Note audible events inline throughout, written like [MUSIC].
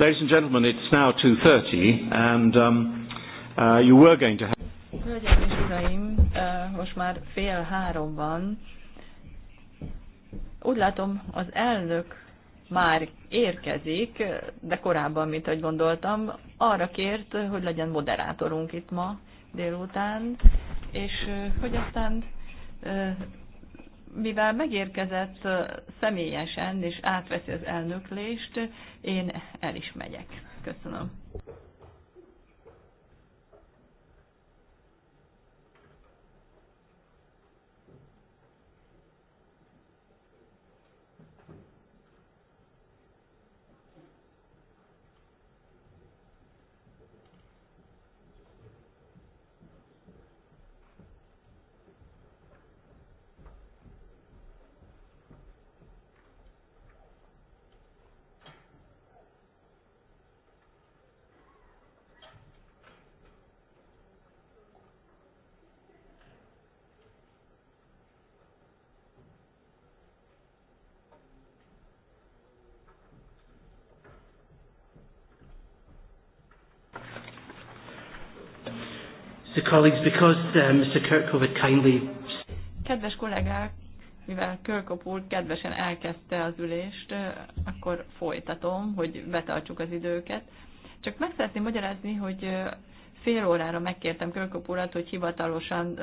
Ladies and gentlemen, it's now 2.30 and um, uh, you were going to have... Hölgyeim és uraim, uh, most már fél három van. Úgy látom, az elnök már érkezik, de korábban, mint ahogy gondoltam, arra kért, hogy legyen moderátorunk itt ma délután, és uh, hogy aztán uh, mivel megérkezett személyesen és átveszi az elnöklést, én el is megyek. Köszönöm. colleagues, because uh, Mr. Kirkhope had kindly... Kedves kollégák, mivel Kirkhope úr kedvesen elkezdte az ülést, akkor folytatom, hogy betartsuk az időket. Csak meg szeretném magyarázni, hogy fél órára megkértem Kirkhope urat, hogy hivatalosan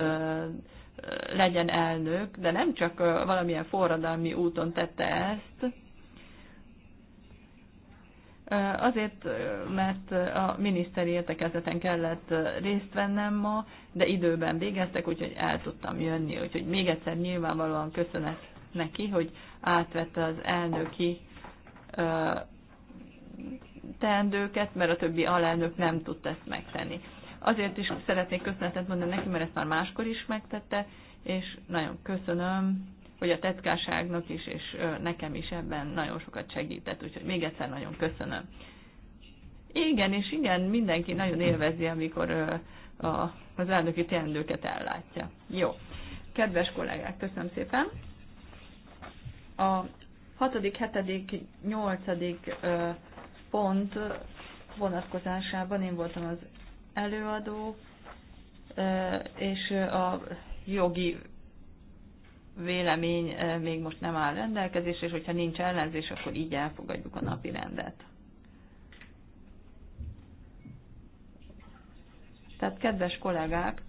legyen elnök, de nem csak valamilyen forradalmi úton tette ezt, Azért, mert a miniszteri értekezeten kellett részt vennem ma, de időben végeztek, úgyhogy el tudtam jönni. Úgyhogy még egyszer nyilvánvalóan köszönet neki, hogy átvette az elnöki teendőket, mert a többi alelnök nem tudta ezt megtenni. Azért is szeretnék köszönetet mondani neki, mert ezt már máskor is megtette, és nagyon köszönöm hogy a tetkárságnak is, és nekem is ebben nagyon sokat segített, úgyhogy még egyszer nagyon köszönöm. Igen, és igen, mindenki nagyon élvezi, amikor a, az elnöki teendőket ellátja. Jó. Kedves kollégák, köszönöm szépen. A hatodik, hetedik, nyolcadik pont vonatkozásában én voltam az előadó, és a jogi vélemény eh, még most nem áll rendelkezés, és hogyha nincs ellenzés, akkor így elfogadjuk a napi rendet. Tehát kedves kollégák,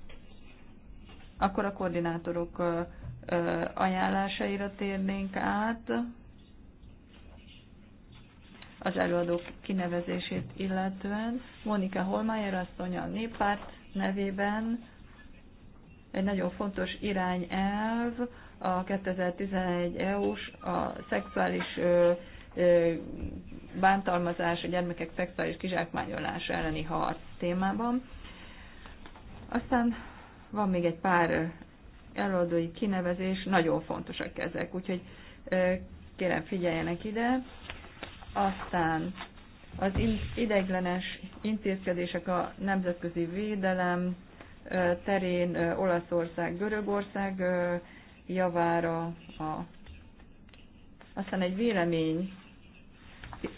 akkor a koordinátorok eh, eh, ajánlásaira térnénk át az előadók kinevezését illetően. Monika Holmájer asszony a néppárt nevében egy nagyon fontos irányelv, a 2011 EU-s a szexuális bántalmazás, a gyermekek szexuális kizsákmányolása elleni harc témában. Aztán van még egy pár előadói kinevezés, nagyon fontosak ezek, úgyhogy kérem figyeljenek ide. Aztán az ideiglenes intézkedések a nemzetközi védelem terén Olaszország, Görögország javára. A... Aztán egy vélemény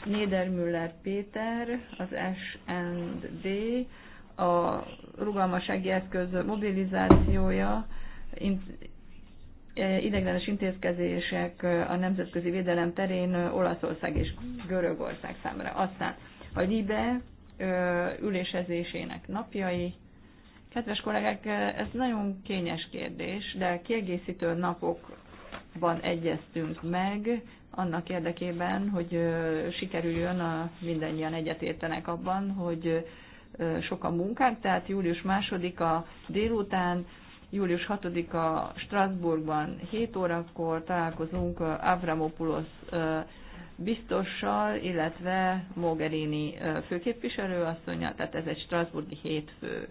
Niedermüller Péter, az S&D, a rugalmasági eszköz mobilizációja, ideglenes intézkedések a nemzetközi védelem terén Olaszország és Görögország számára. Aztán a LIBE ülésezésének napjai, Kedves kollégák, ez nagyon kényes kérdés, de kiegészítő napokban egyeztünk meg annak érdekében, hogy sikerüljön a mindannyian egyetértenek abban, hogy sok a munkánk, tehát július 2-a délután, július 6-a Strasbourgban 7 órakor találkozunk Avramopoulos biztossal, illetve Mogherini asszonya, tehát ez egy Strasbourgi hétfő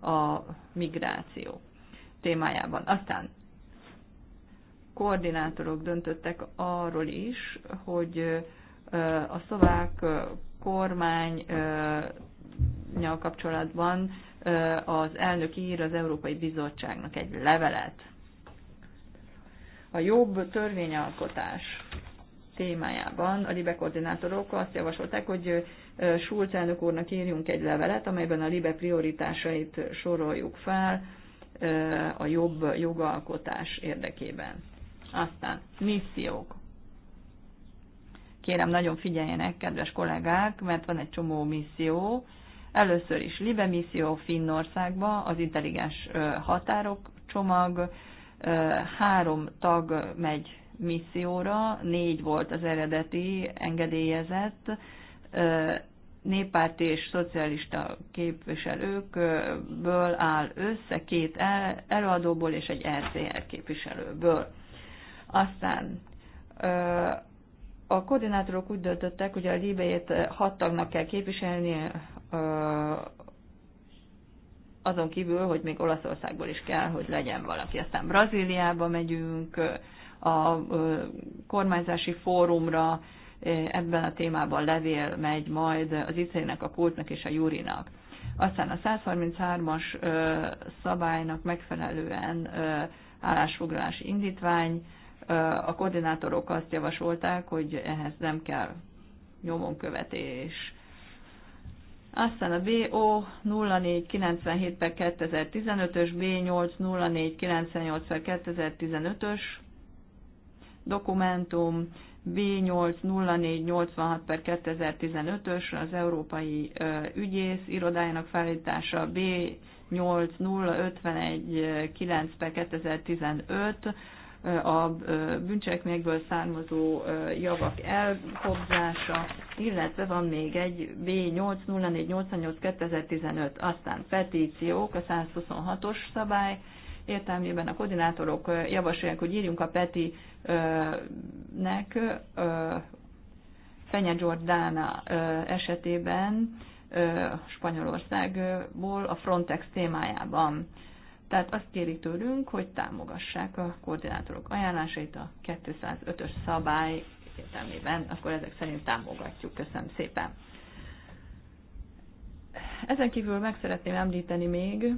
a migráció témájában. Aztán koordinátorok döntöttek arról is, hogy a szlovák kormány kapcsolatban az elnök ír az Európai Bizottságnak egy levelet. A jobb törvényalkotás témájában a libe koordinátorok azt javasolták, hogy Schulz elnök úrnak írjunk egy levelet, amelyben a LIBE prioritásait soroljuk fel a jobb jogalkotás érdekében. Aztán missziók. Kérem, nagyon figyeljenek, kedves kollégák, mert van egy csomó misszió. Először is LIBE misszió Finnországba, az intelligens határok csomag, három tag megy misszióra, négy volt az eredeti engedélyezett, néppárti és szocialista képviselőkből áll össze, két előadóból és egy RCR képviselőből. Aztán a koordinátorok úgy döntöttek, hogy a libejét hat tagnak kell képviselni, azon kívül, hogy még Olaszországból is kell, hogy legyen valaki. Aztán Brazíliába megyünk, a kormányzási fórumra, ebben a témában levél megy majd az ice a kultnak és a Júrinak. Aztán a 133-as szabálynak megfelelően állásfoglalási indítvány, a koordinátorok azt javasolták, hogy ehhez nem kell nyomonkövetés. Aztán a BO 0497 per 2015-ös, B8 0498 per 2015-ös dokumentum, B80486 per 2015-ös az Európai Ügyész Irodájának felállítása B80519 per 2015 a bűncselekményekből származó javak elkobzása, illetve van még egy B80488 2015, aztán petíciók, a 126-os szabály, értelmében a koordinátorok javasolják, hogy írjunk a Peti-nek Fenye Jordana esetében Spanyolországból a Frontex témájában. Tehát azt kérik tőlünk, hogy támogassák a koordinátorok ajánlásait a 205-ös szabály értelmében, akkor ezek szerint támogatjuk. Köszönöm szépen. Ezen kívül meg szeretném említeni még,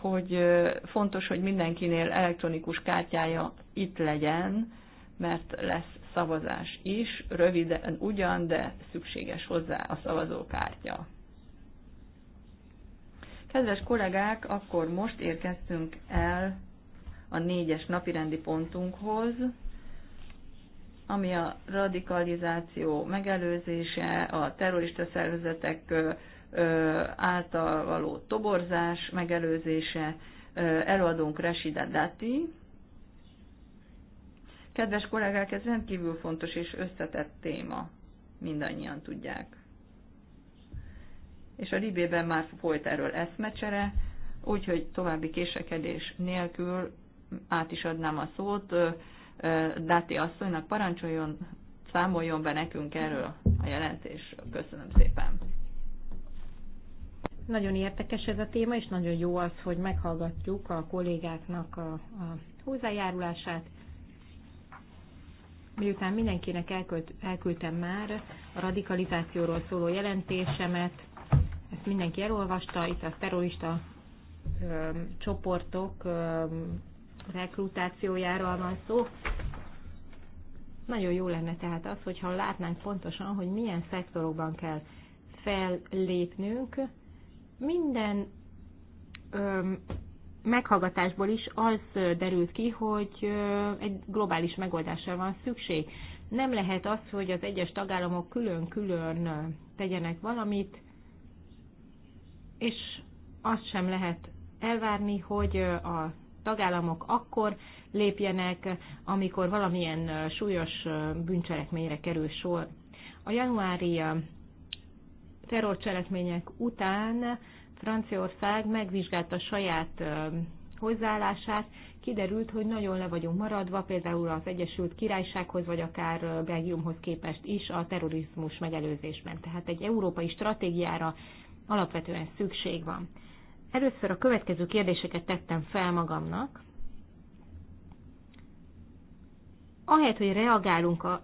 hogy fontos, hogy mindenkinél elektronikus kártyája itt legyen, mert lesz szavazás is, röviden ugyan, de szükséges hozzá a szavazókártya. Kedves kollégák, akkor most érkeztünk el a négyes napirendi pontunkhoz, ami a radikalizáció megelőzése, a terrorista szervezetek által való toborzás megelőzése, előadónk Resida Dati. Kedves kollégák, ez rendkívül fontos és összetett téma, mindannyian tudják. És a Libében már folyt erről eszmecsere, úgyhogy további késekedés nélkül át is adnám a szót. Dati asszonynak parancsoljon, számoljon be nekünk erről a jelentésről. Köszönöm szépen. Nagyon érdekes ez a téma, és nagyon jó az, hogy meghallgatjuk a kollégáknak a, a hozzájárulását. Miután mindenkinek elkült, elküldtem már a radikalizációról szóló jelentésemet, ezt mindenki elolvasta, itt a terrorista ö, csoportok ö, rekrutációjáról van szó. Nagyon jó lenne tehát az, hogyha látnánk pontosan, hogy milyen szektorokban kell fellépnünk, minden öm, meghallgatásból is az derült ki, hogy egy globális megoldásra van szükség. Nem lehet az, hogy az egyes tagállamok külön-külön tegyenek valamit, és azt sem lehet elvárni, hogy a tagállamok akkor lépjenek, amikor valamilyen súlyos bűncselekményre kerül sor. A januári terrorcselekmények után Franciaország megvizsgálta saját hozzáállását, kiderült, hogy nagyon le vagyunk maradva, például az Egyesült Királysághoz, vagy akár Belgiumhoz képest is a terrorizmus megelőzésben. Tehát egy európai stratégiára alapvetően szükség van. Először a következő kérdéseket tettem fel magamnak. Ahelyett, hogy reagálunk a,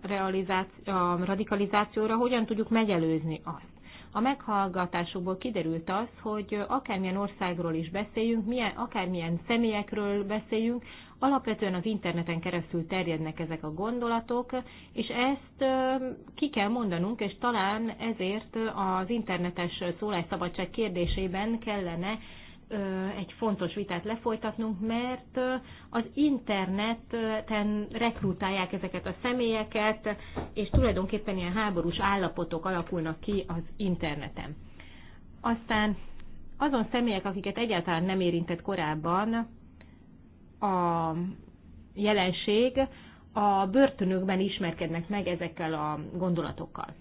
a radikalizációra, hogyan tudjuk megelőzni azt? A meghallgatásokból kiderült az, hogy akármilyen országról is beszéljünk, milyen, akármilyen személyekről beszéljünk, alapvetően az interneten keresztül terjednek ezek a gondolatok, és ezt ki kell mondanunk, és talán ezért az internetes szólásszabadság kérdésében kellene egy fontos vitát lefolytatnunk, mert az interneten rekrutálják ezeket a személyeket, és tulajdonképpen ilyen háborús állapotok alakulnak ki az interneten. Aztán azon személyek, akiket egyáltalán nem érintett korábban a jelenség, a börtönökben ismerkednek meg ezekkel a gondolatokkal.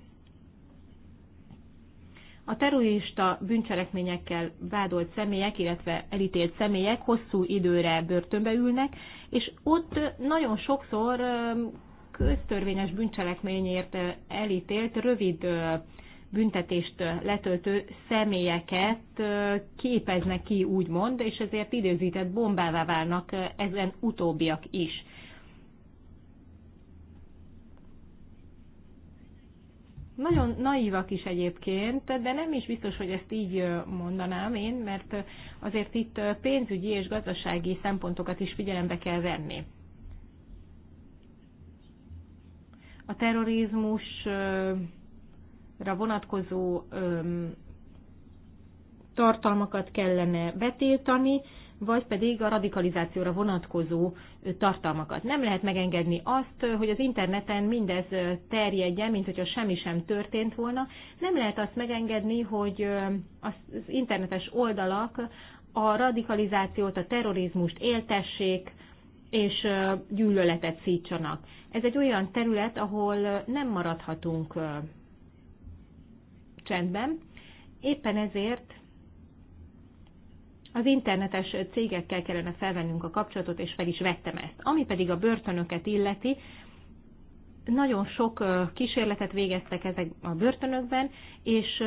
A terrorista bűncselekményekkel vádolt személyek, illetve elítélt személyek hosszú időre börtönbe ülnek, és ott nagyon sokszor köztörvényes bűncselekményért elítélt rövid büntetést letöltő személyeket képeznek ki, úgymond, és ezért időzített bombává válnak ezen utóbbiak is. Nagyon naívak is egyébként, de nem is biztos, hogy ezt így mondanám én, mert azért itt pénzügyi és gazdasági szempontokat is figyelembe kell venni. A terrorizmusra vonatkozó tartalmakat kellene betiltani, vagy pedig a radikalizációra vonatkozó tartalmakat. Nem lehet megengedni azt, hogy az interneten mindez terjedjen, mint hogyha semmi sem történt volna. Nem lehet azt megengedni, hogy az internetes oldalak a radikalizációt, a terrorizmust éltessék, és gyűlöletet szítsanak. Ez egy olyan terület, ahol nem maradhatunk csendben. Éppen ezért az internetes cégekkel kellene felvennünk a kapcsolatot, és fel is vettem ezt. Ami pedig a börtönöket illeti, nagyon sok kísérletet végeztek ezek a börtönökben, és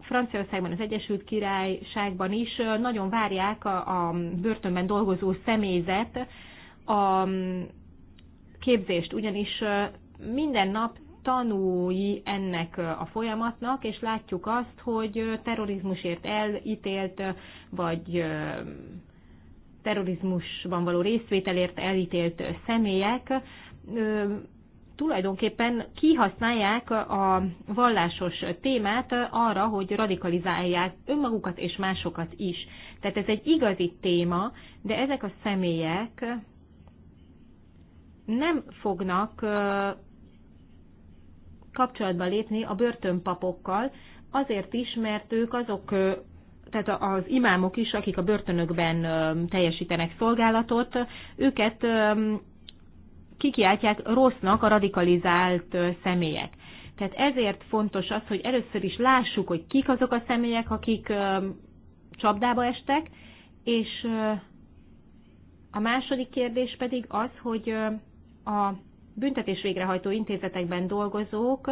Franciaországban, az Egyesült Királyságban is nagyon várják a, a börtönben dolgozó személyzet a képzést, ugyanis minden nap tanúi ennek a folyamatnak, és látjuk azt, hogy terrorizmusért elítélt, vagy terrorizmusban való részvételért elítélt személyek tulajdonképpen kihasználják a vallásos témát arra, hogy radikalizálják önmagukat és másokat is. Tehát ez egy igazi téma, de ezek a személyek nem fognak kapcsolatba lépni a börtönpapokkal, azért is, mert ők azok, tehát az imámok is, akik a börtönökben teljesítenek szolgálatot, őket kikiáltják rossznak a radikalizált személyek. Tehát ezért fontos az, hogy először is lássuk, hogy kik azok a személyek, akik csapdába estek, és a második kérdés pedig az, hogy a büntetés végrehajtó intézetekben dolgozók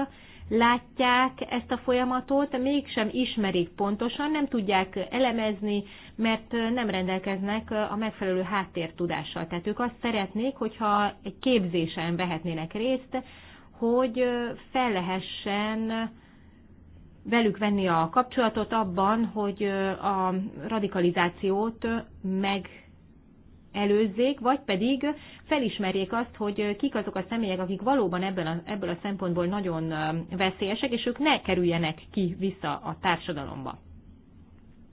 látják ezt a folyamatot, mégsem ismerik pontosan, nem tudják elemezni, mert nem rendelkeznek a megfelelő háttértudással. Tehát ők azt szeretnék, hogyha egy képzésen vehetnének részt, hogy fel lehessen velük venni a kapcsolatot abban, hogy a radikalizációt meg előzzék, vagy pedig felismerjék azt, hogy kik azok a személyek, akik valóban ebből a, ebből a szempontból nagyon veszélyesek, és ők ne kerüljenek ki vissza a társadalomba.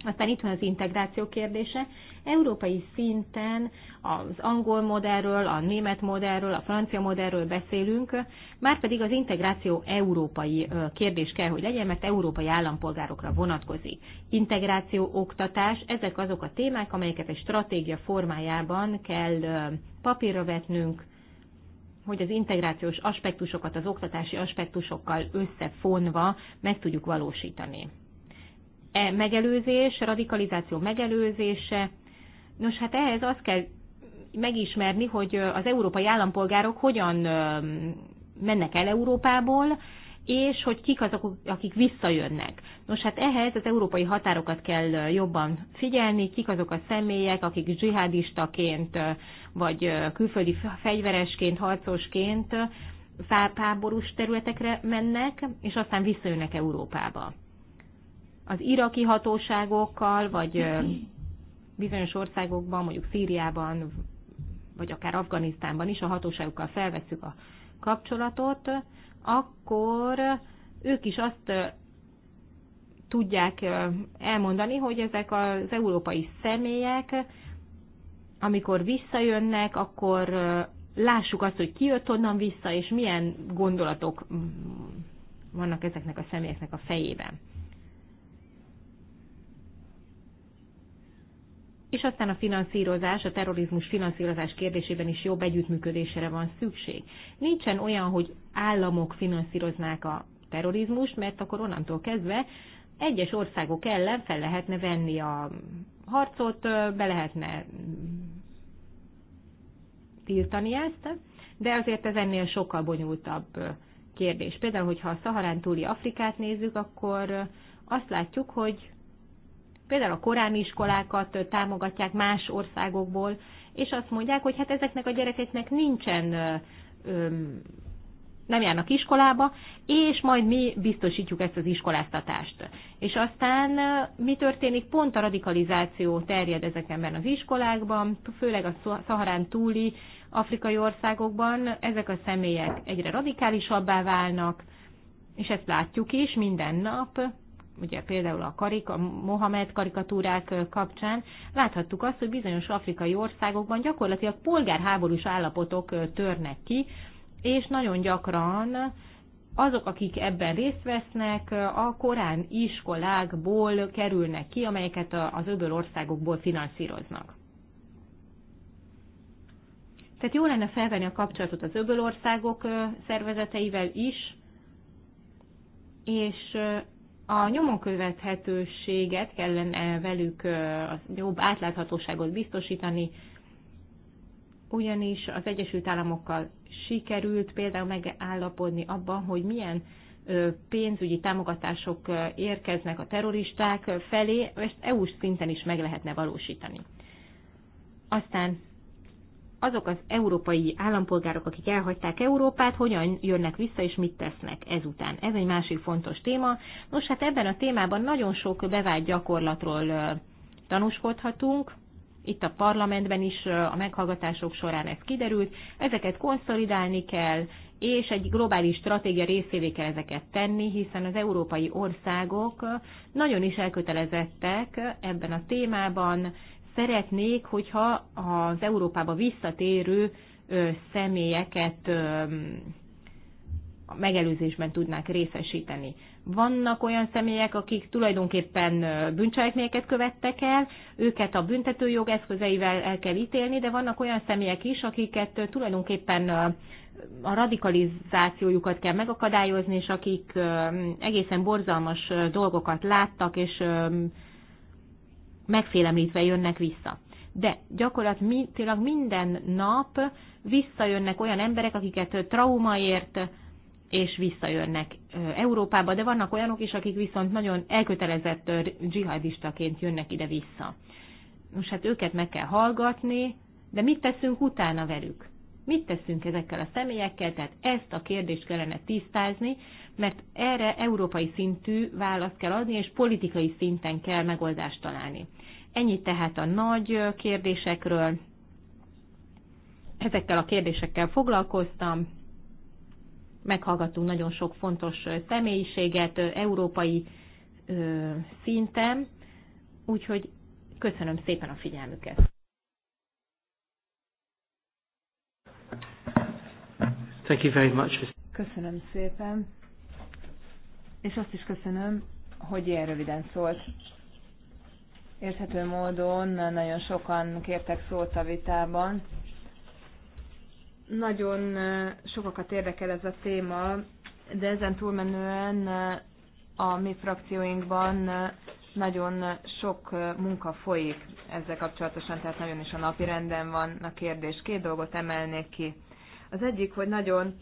Aztán itt van az integráció kérdése. Európai szinten az angol modellről, a német modellről, a francia modellről beszélünk, márpedig az integráció európai kérdés kell, hogy legyen, mert európai állampolgárokra vonatkozik. Integráció, oktatás, ezek azok a témák, amelyeket egy stratégia formájában kell papírra vetnünk, hogy az integrációs aspektusokat az oktatási aspektusokkal összefonva meg tudjuk valósítani e megelőzés, radikalizáció megelőzése. Nos, hát ehhez azt kell megismerni, hogy az európai állampolgárok hogyan mennek el Európából, és hogy kik azok, akik visszajönnek. Nos, hát ehhez az európai határokat kell jobban figyelni, kik azok a személyek, akik zsihadistaként, vagy külföldi fegyveresként, harcosként fáborús területekre mennek, és aztán visszajönnek Európába az iraki hatóságokkal, vagy bizonyos országokban, mondjuk Szíriában, vagy akár Afganisztánban is a hatóságokkal felveszük a kapcsolatot, akkor ők is azt tudják elmondani, hogy ezek az európai személyek, amikor visszajönnek, akkor lássuk azt, hogy ki jött onnan vissza, és milyen gondolatok vannak ezeknek a személyeknek a fejében. és aztán a finanszírozás, a terrorizmus finanszírozás kérdésében is jobb együttműködésre van szükség. Nincsen olyan, hogy államok finanszíroznák a terrorizmust, mert akkor onnantól kezdve egyes országok ellen fel lehetne venni a harcot, be lehetne tiltani ezt, de azért ez ennél sokkal bonyolultabb kérdés. Például, hogyha a Szaharán túli Afrikát nézzük, akkor azt látjuk, hogy például a korámi iskolákat támogatják más országokból, és azt mondják, hogy hát ezeknek a gyerekeknek nincsen, nem járnak iskolába, és majd mi biztosítjuk ezt az iskoláztatást. És aztán mi történik? Pont a radikalizáció terjed ezekben az iskolákban, főleg a Szaharán túli afrikai országokban ezek a személyek egyre radikálisabbá válnak, és ezt látjuk is minden nap, ugye például a, karik, a Mohamed karikatúrák kapcsán láthattuk azt, hogy bizonyos afrikai országokban gyakorlatilag polgárháborús állapotok törnek ki, és nagyon gyakran azok, akik ebben részt vesznek, a korán iskolákból kerülnek ki, amelyeket az öböl országokból finanszíroznak. Tehát jó lenne felvenni a kapcsolatot az öbölországok országok szervezeteivel is, és a nyomon követhetőséget kellene velük a jobb átláthatóságot biztosítani, ugyanis az Egyesült Államokkal sikerült például megállapodni abban, hogy milyen pénzügyi támogatások érkeznek a terroristák felé, ezt EU-s szinten is meg lehetne valósítani. Aztán azok az európai állampolgárok, akik elhagyták Európát, hogyan jönnek vissza és mit tesznek ezután. Ez egy másik fontos téma. Nos, hát ebben a témában nagyon sok bevált gyakorlatról tanúskodhatunk. Itt a parlamentben is a meghallgatások során ez kiderült. Ezeket konszolidálni kell, és egy globális stratégia részévé kell ezeket tenni, hiszen az európai országok nagyon is elkötelezettek ebben a témában, szeretnék, hogyha az Európába visszatérő személyeket megelőzésben tudnák részesíteni. Vannak olyan személyek, akik tulajdonképpen bűncselekményeket követtek el, őket a büntetőjog eszközeivel el kell ítélni, de vannak olyan személyek is, akiket tulajdonképpen a radikalizációjukat kell megakadályozni, és akik egészen borzalmas dolgokat láttak, és megfélemlítve jönnek vissza. De gyakorlatilag minden nap visszajönnek olyan emberek, akiket traumaért és visszajönnek Európába, de vannak olyanok is, akik viszont nagyon elkötelezett dzsihadistaként jönnek ide-vissza. Most hát őket meg kell hallgatni, de mit teszünk utána velük? Mit teszünk ezekkel a személyekkel? Tehát ezt a kérdést kellene tisztázni, mert erre európai szintű választ kell adni, és politikai szinten kell megoldást találni. Ennyit tehát a nagy kérdésekről. Ezekkel a kérdésekkel foglalkoztam. Meghallgattunk nagyon sok fontos személyiséget európai szinten, úgyhogy köszönöm szépen a figyelmüket. Thank you very much. Köszönöm szépen és azt is köszönöm, hogy ilyen röviden szólt. Érthető módon nagyon sokan kértek szót a vitában. Nagyon sokakat érdekel ez a téma, de ezen túlmenően a mi frakcióinkban nagyon sok munka folyik ezzel kapcsolatosan, tehát nagyon is a napi renden van a kérdés. Két dolgot emelnék ki. Az egyik, hogy nagyon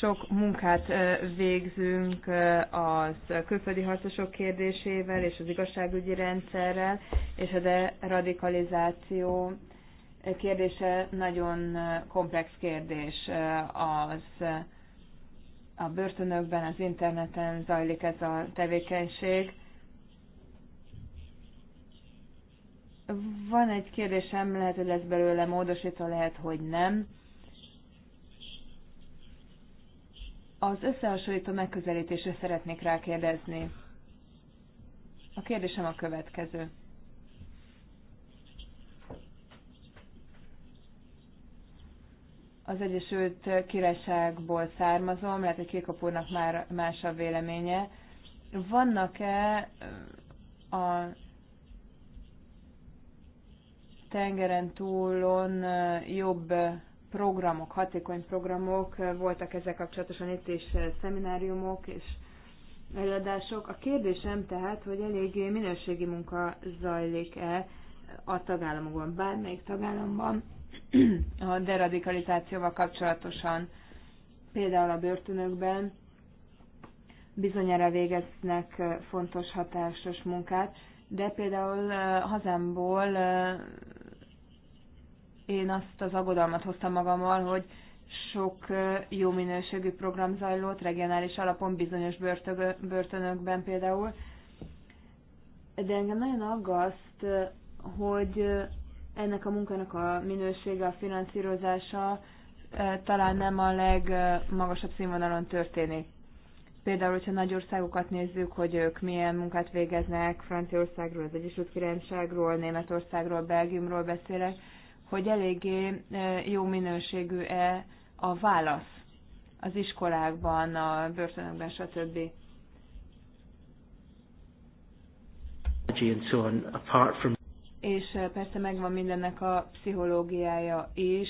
sok munkát végzünk az külföldi harcosok kérdésével és az igazságügyi rendszerrel, és a deradikalizáció kérdése nagyon komplex kérdés. Az a börtönökben, az interneten zajlik ez a tevékenység. Van egy kérdésem, lehet, hogy lesz belőle módosító, lehet, hogy nem Az összehasonlító megközelítésre szeretnék rákérdezni. A kérdésem a következő. Az Egyesült Királyságból származom, lehet, hogy Kékapúrnak már más a véleménye. Vannak-e a tengeren túlon jobb programok, hatékony programok, voltak ezzel kapcsolatosan itt is szemináriumok és előadások. A kérdésem tehát, hogy eléggé minőségi munka zajlik-e a tagállamokban, bármelyik tagállamban [CLEARS THROAT] a deradikalizációval kapcsolatosan, például a börtönökben bizonyára végeznek fontos hatásos munkát, de például hazámból én azt az aggodalmat hoztam magammal, hogy sok jó minőségű program zajlott, regionális alapon bizonyos börtönökben például. De engem nagyon aggaszt, hogy ennek a munkának a minősége, a finanszírozása talán nem a legmagasabb színvonalon történik. Például, hogyha nagy országokat nézzük, hogy ők milyen munkát végeznek, Franciaországról, az Egyesült Királyságról, Németországról, Belgiumról beszélek, hogy eléggé e, jó minőségű-e a válasz az iskolákban, a börtönökben, stb. És e, persze megvan mindennek a pszichológiája is.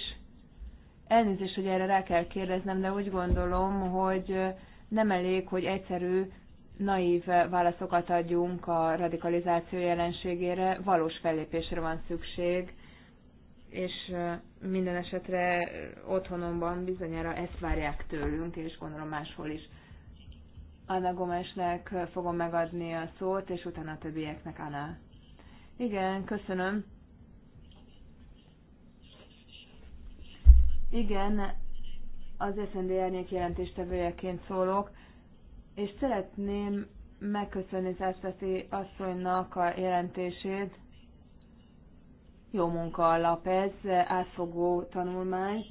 Elnézést, hogy erre rá kell kérdeznem, de úgy gondolom, hogy e, nem elég, hogy egyszerű, naív válaszokat adjunk a radikalizáció jelenségére, valós fellépésre van szükség és minden esetre otthonomban bizonyára ezt várják tőlünk, és gondolom máshol is. Anna Gomesnek fogom megadni a szót, és utána a többieknek Anna. Igen, köszönöm. Igen, az SND árnyék jelentéstevőjeként szólok, és szeretném megköszönni Zászlati asszonynak a jelentését, jó munka alap ez, átfogó tanulmány.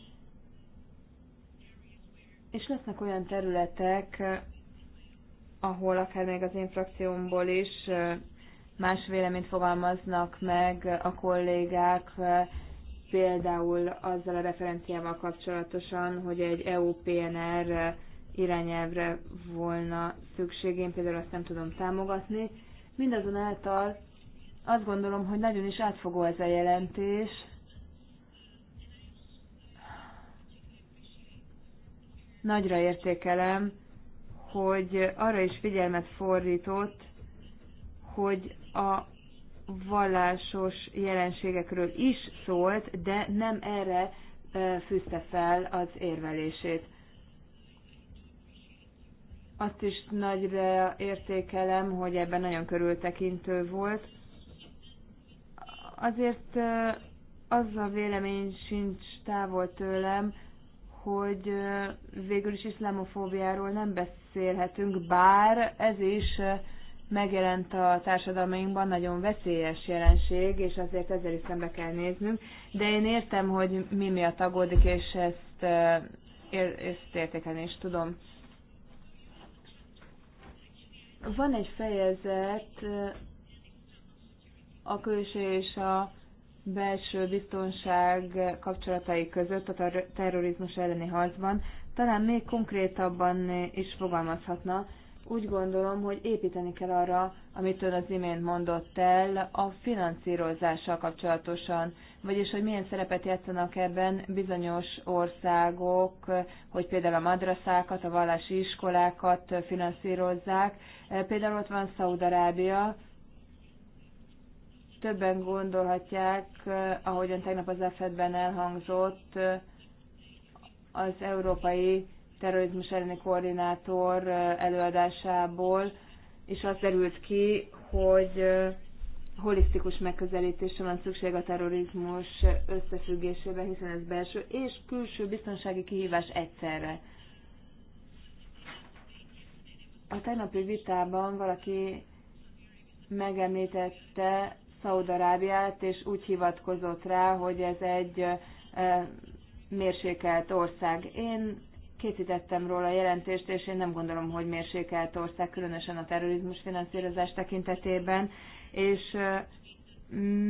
És lesznek olyan területek, ahol akár még az én frakciómból is más véleményt fogalmaznak meg a kollégák, például azzal a referenciával kapcsolatosan, hogy egy EU-PNR irányelvre volna szükség, én például azt nem tudom támogatni. Mindazonáltal azt gondolom, hogy nagyon is átfogó ez a jelentés. Nagyra értékelem, hogy arra is figyelmet fordított, hogy a vallásos jelenségekről is szólt, de nem erre fűzte fel az érvelését. Azt is nagyra értékelem, hogy ebben nagyon körültekintő volt, Azért az a vélemény sincs távol tőlem, hogy végül is iszlamofóbiáról nem beszélhetünk, bár ez is megjelent a társadalmainkban nagyon veszélyes jelenség, és azért ezzel is szembe kell néznünk. De én értem, hogy mi miatt aggódik, és ezt, ezt értékelni is tudom. Van egy fejezet, a külső és a belső biztonság kapcsolatai között a terrorizmus elleni harcban, talán még konkrétabban is fogalmazhatna. Úgy gondolom, hogy építeni kell arra, amit ön az imént mondott el, a finanszírozással kapcsolatosan, vagyis hogy milyen szerepet játszanak ebben bizonyos országok, hogy például a madraszákat, a vallási iskolákat finanszírozzák. Például ott van Szaudarábia, többen gondolhatják, eh, ahogyan tegnap az EFED-ben elhangzott, eh, az európai terrorizmus elleni koordinátor eh, előadásából, és az derült ki, hogy holisztikus megközelítésre van szükség a terrorizmus összefüggésében, hiszen ez belső és külső biztonsági kihívás egyszerre. A tegnapi vitában valaki megemlítette Szaudarábiát, és úgy hivatkozott rá, hogy ez egy mérsékelt ország. Én készítettem róla a jelentést, és én nem gondolom, hogy mérsékelt ország, különösen a terrorizmus finanszírozás tekintetében, és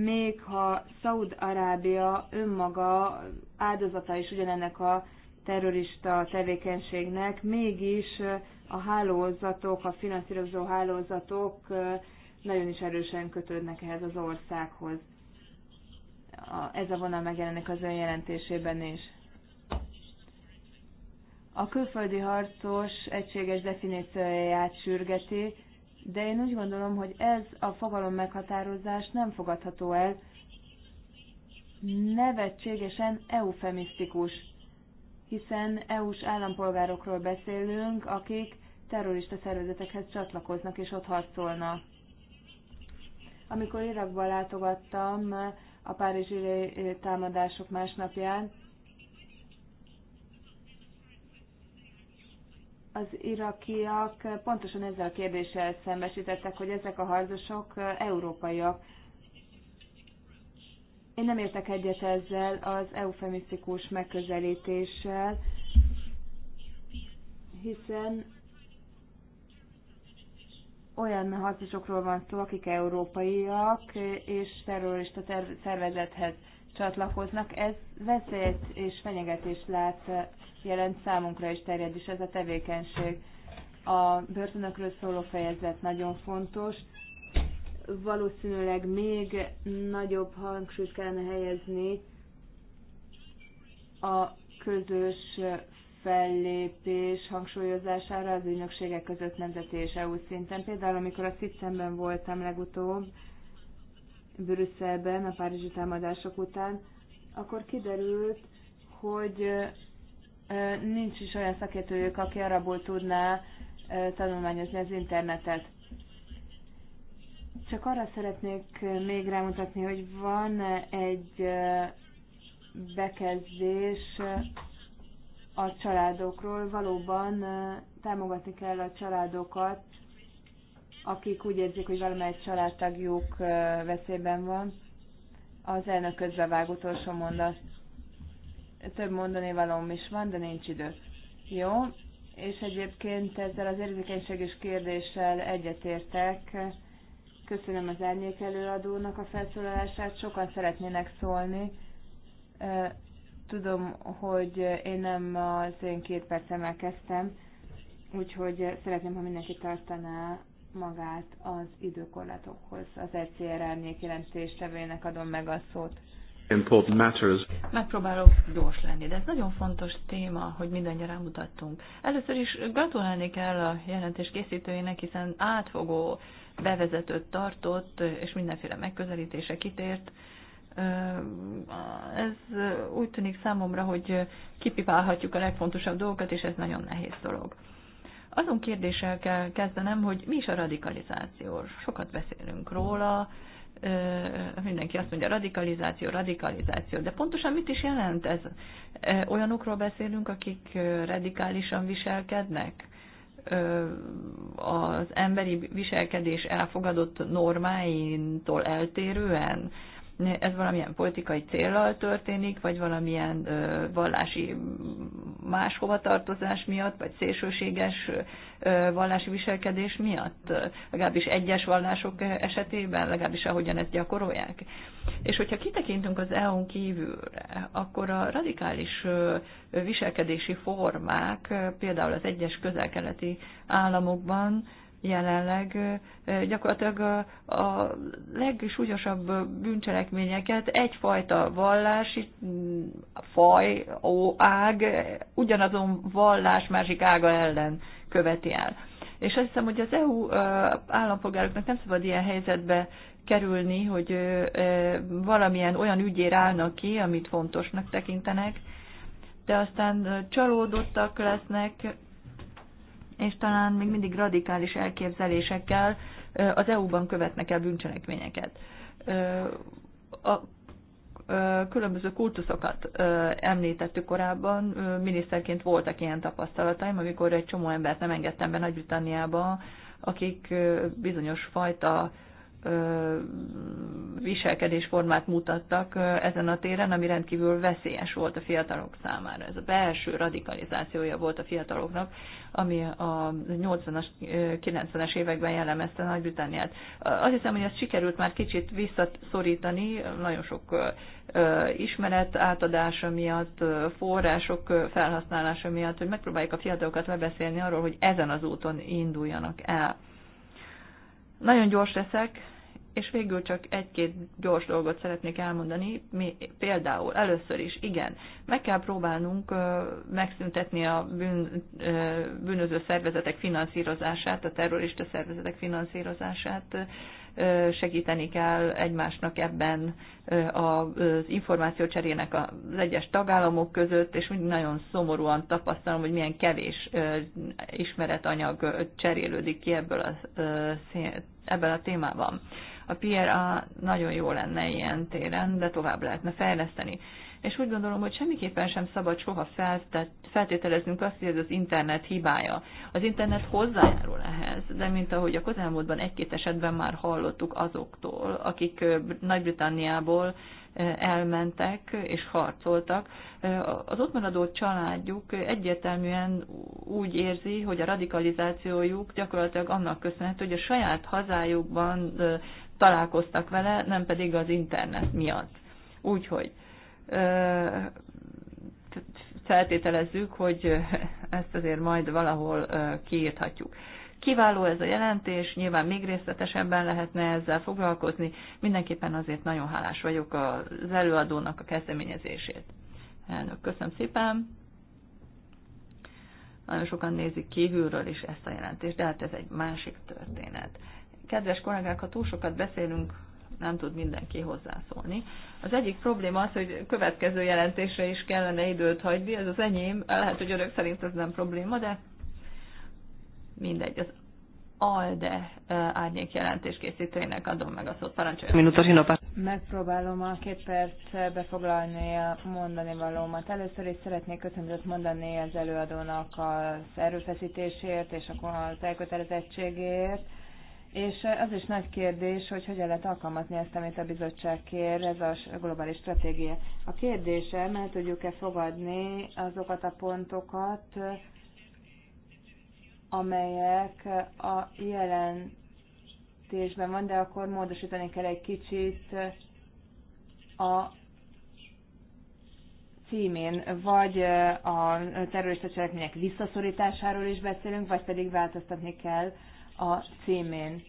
még ha Szaud-Arábia önmaga áldozata is ugyanennek a terrorista tevékenységnek, mégis a hálózatok, a finanszírozó hálózatok nagyon is erősen kötődnek ehhez az országhoz. A, ez a vonal megjelenik az jelentésében is. A külföldi harcos egységes definícióját sürgeti, de én úgy gondolom, hogy ez a fogalom meghatározás nem fogadható el, nevetségesen eufemisztikus, hiszen EU-s állampolgárokról beszélünk, akik terrorista szervezetekhez csatlakoznak és ott harcolnak. Amikor Irakba látogattam a párizsi támadások másnapján, az irakiak pontosan ezzel a kérdéssel szembesítettek, hogy ezek a harcosok európaiak. Én nem értek egyet ezzel az eufemisztikus megközelítéssel, hiszen olyan harcosokról van szó, akik európaiak és terrorista szervezethez csatlakoznak. Ez veszélyt és fenyegetést lát jelent számunkra is terjed is ez a tevékenység. A börtönökről szóló fejezet nagyon fontos. Valószínűleg még nagyobb hangsúlyt kellene helyezni a közös fellépés hangsúlyozására az ügynökségek között nemzeti és EU szinten. Például, amikor a Szicemben voltam legutóbb, Brüsszelben, a párizsi támadások után, akkor kiderült, hogy nincs is olyan szakértőjük, aki arabul tudná tanulmányozni az internetet. Csak arra szeretnék még rámutatni, hogy van egy bekezdés a családokról. Valóban támogatni kell a családokat, akik úgy érzik, hogy valamely családtagjuk veszélyben van. Az elnök közbevág utolsó mondat. Több mondani valóm is van, de nincs idő. Jó, és egyébként ezzel az érzékenységes kérdéssel egyetértek. Köszönöm az árnyék előadónak a felszólalását, sokan szeretnének szólni. Tudom, hogy én nem az én két percemmel kezdtem, úgyhogy szeretném, ha mindenki tartaná magát az időkorlátokhoz. Az ECR árnyék jelentéstevének adom meg a szót. Important matters. Megpróbálok gyors lenni, de ez nagyon fontos téma, hogy mindannyian rámutattunk. Először is gratulálni kell a jelentés készítőjének, hiszen átfogó bevezetőt tartott, és mindenféle megközelítése kitért. Ez úgy tűnik számomra, hogy kipipálhatjuk a legfontosabb dolgokat, és ez nagyon nehéz dolog. Azon kérdéssel kell kezdenem, hogy mi is a radikalizáció. Sokat beszélünk róla, mindenki azt mondja radikalizáció, radikalizáció, de pontosan mit is jelent ez? Olyanokról beszélünk, akik radikálisan viselkednek? Az emberi viselkedés elfogadott normáintól eltérően? ez valamilyen politikai célral történik, vagy valamilyen vallási máshova tartozás miatt, vagy szélsőséges vallási viselkedés miatt, legalábbis egyes vallások esetében, legalábbis ahogyan ezt gyakorolják. És hogyha kitekintünk az EU-n kívülre, akkor a radikális viselkedési formák, például az egyes közel-keleti államokban, jelenleg gyakorlatilag a, a legsúlyosabb bűncselekményeket egyfajta vallási mm, faj, ó, ág, ugyanazon vallás másik ága ellen követi el. És azt hiszem, hogy az EU állampolgároknak nem szabad ilyen helyzetbe kerülni, hogy valamilyen olyan ügyér állnak ki, amit fontosnak tekintenek, de aztán csalódottak lesznek, és talán még mindig radikális elképzelésekkel az EU-ban követnek el bűncselekményeket. A különböző kultuszokat említettük korábban, miniszterként voltak ilyen tapasztalataim, amikor egy csomó embert nem engedtem be Nagy-Britanniába, akik bizonyos fajta viselkedésformát mutattak ezen a téren, ami rendkívül veszélyes volt a fiatalok számára. Ez a belső radikalizációja volt a fiataloknak, ami a 80-as, 90-es években jellemezte Nagy-Britanniát. Azt hiszem, hogy ezt sikerült már kicsit visszaszorítani, nagyon sok ismeret átadása miatt, források felhasználása miatt, hogy megpróbáljuk a fiatalokat lebeszélni arról, hogy ezen az úton induljanak el. Nagyon gyors leszek, és végül csak egy-két gyors dolgot szeretnék elmondani. Mi például először is, igen, meg kell próbálnunk megszüntetni a bűn, bűnöző szervezetek finanszírozását, a terrorista szervezetek finanszírozását, segíteni kell egymásnak ebben az információcserének az egyes tagállamok között, és mindig nagyon szomorúan tapasztalom, hogy milyen kevés ismeretanyag cserélődik ki ebből a, ebben a témában. A PRA nagyon jó lenne ilyen téren, de tovább lehetne fejleszteni és úgy gondolom, hogy semmiképpen sem szabad soha feltételeznünk azt, hogy ez az internet hibája. Az internet hozzájárul ehhez, de mint ahogy a közelmúltban egy-két esetben már hallottuk azoktól, akik Nagy-Britanniából elmentek és harcoltak. Az ott maradó családjuk egyértelműen úgy érzi, hogy a radikalizációjuk gyakorlatilag annak köszönhető, hogy a saját hazájukban találkoztak vele, nem pedig az internet miatt. Úgyhogy feltételezzük, hogy ezt azért majd valahol kiírthatjuk. Kiváló ez a jelentés, nyilván még részletesebben lehetne ezzel foglalkozni, mindenképpen azért nagyon hálás vagyok az előadónak a kezdeményezését. Elnök, köszönöm szépen! Nagyon sokan nézik kívülről is ezt a jelentést, de hát ez egy másik történet. Kedves kollégák, ha túl sokat beszélünk nem tud mindenki hozzászólni. Az egyik probléma az, hogy következő jelentésre is kellene időt hagyni, ez az enyém, lehet, hogy örök szerint ez nem probléma, de mindegy, az ALDE eh, árnyék jelentés készítőjének adom meg a szót. Parancsoljon. Minutos Megpróbálom a két perc befoglalni a mondani valómat. Először is szeretnék köszönetet mondani az előadónak az erőfeszítésért és az elkötelezettségért és eh, az is nagy kérdés, hogy hogyan lehet alkalmazni ezt, amit a bizottság kér, ez a globális stratégia. A kérdése, mert tudjuk-e fogadni azokat a pontokat, amelyek a jelentésben van, de akkor módosítani kell egy kicsit a címén, vagy eh, a terrorista cselekmények visszaszorításáról is beszélünk, vagy pedig változtatni kell a címén.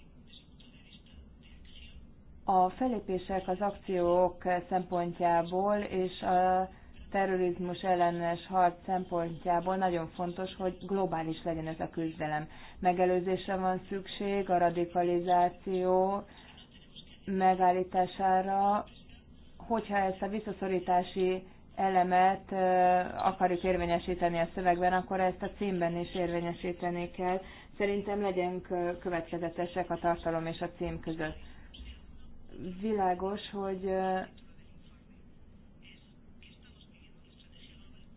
A felépések az akciók szempontjából és a terrorizmus ellenes harc szempontjából nagyon fontos, hogy globális legyen ez a küzdelem. Megelőzésre van szükség, a radikalizáció megállítására, hogyha ezt a visszaszorítási elemet akarjuk érvényesíteni a szövegben, akkor ezt a címben is érvényesíteni kell. Szerintem legyünk következetesek a tartalom és a cím között. Világos, hogy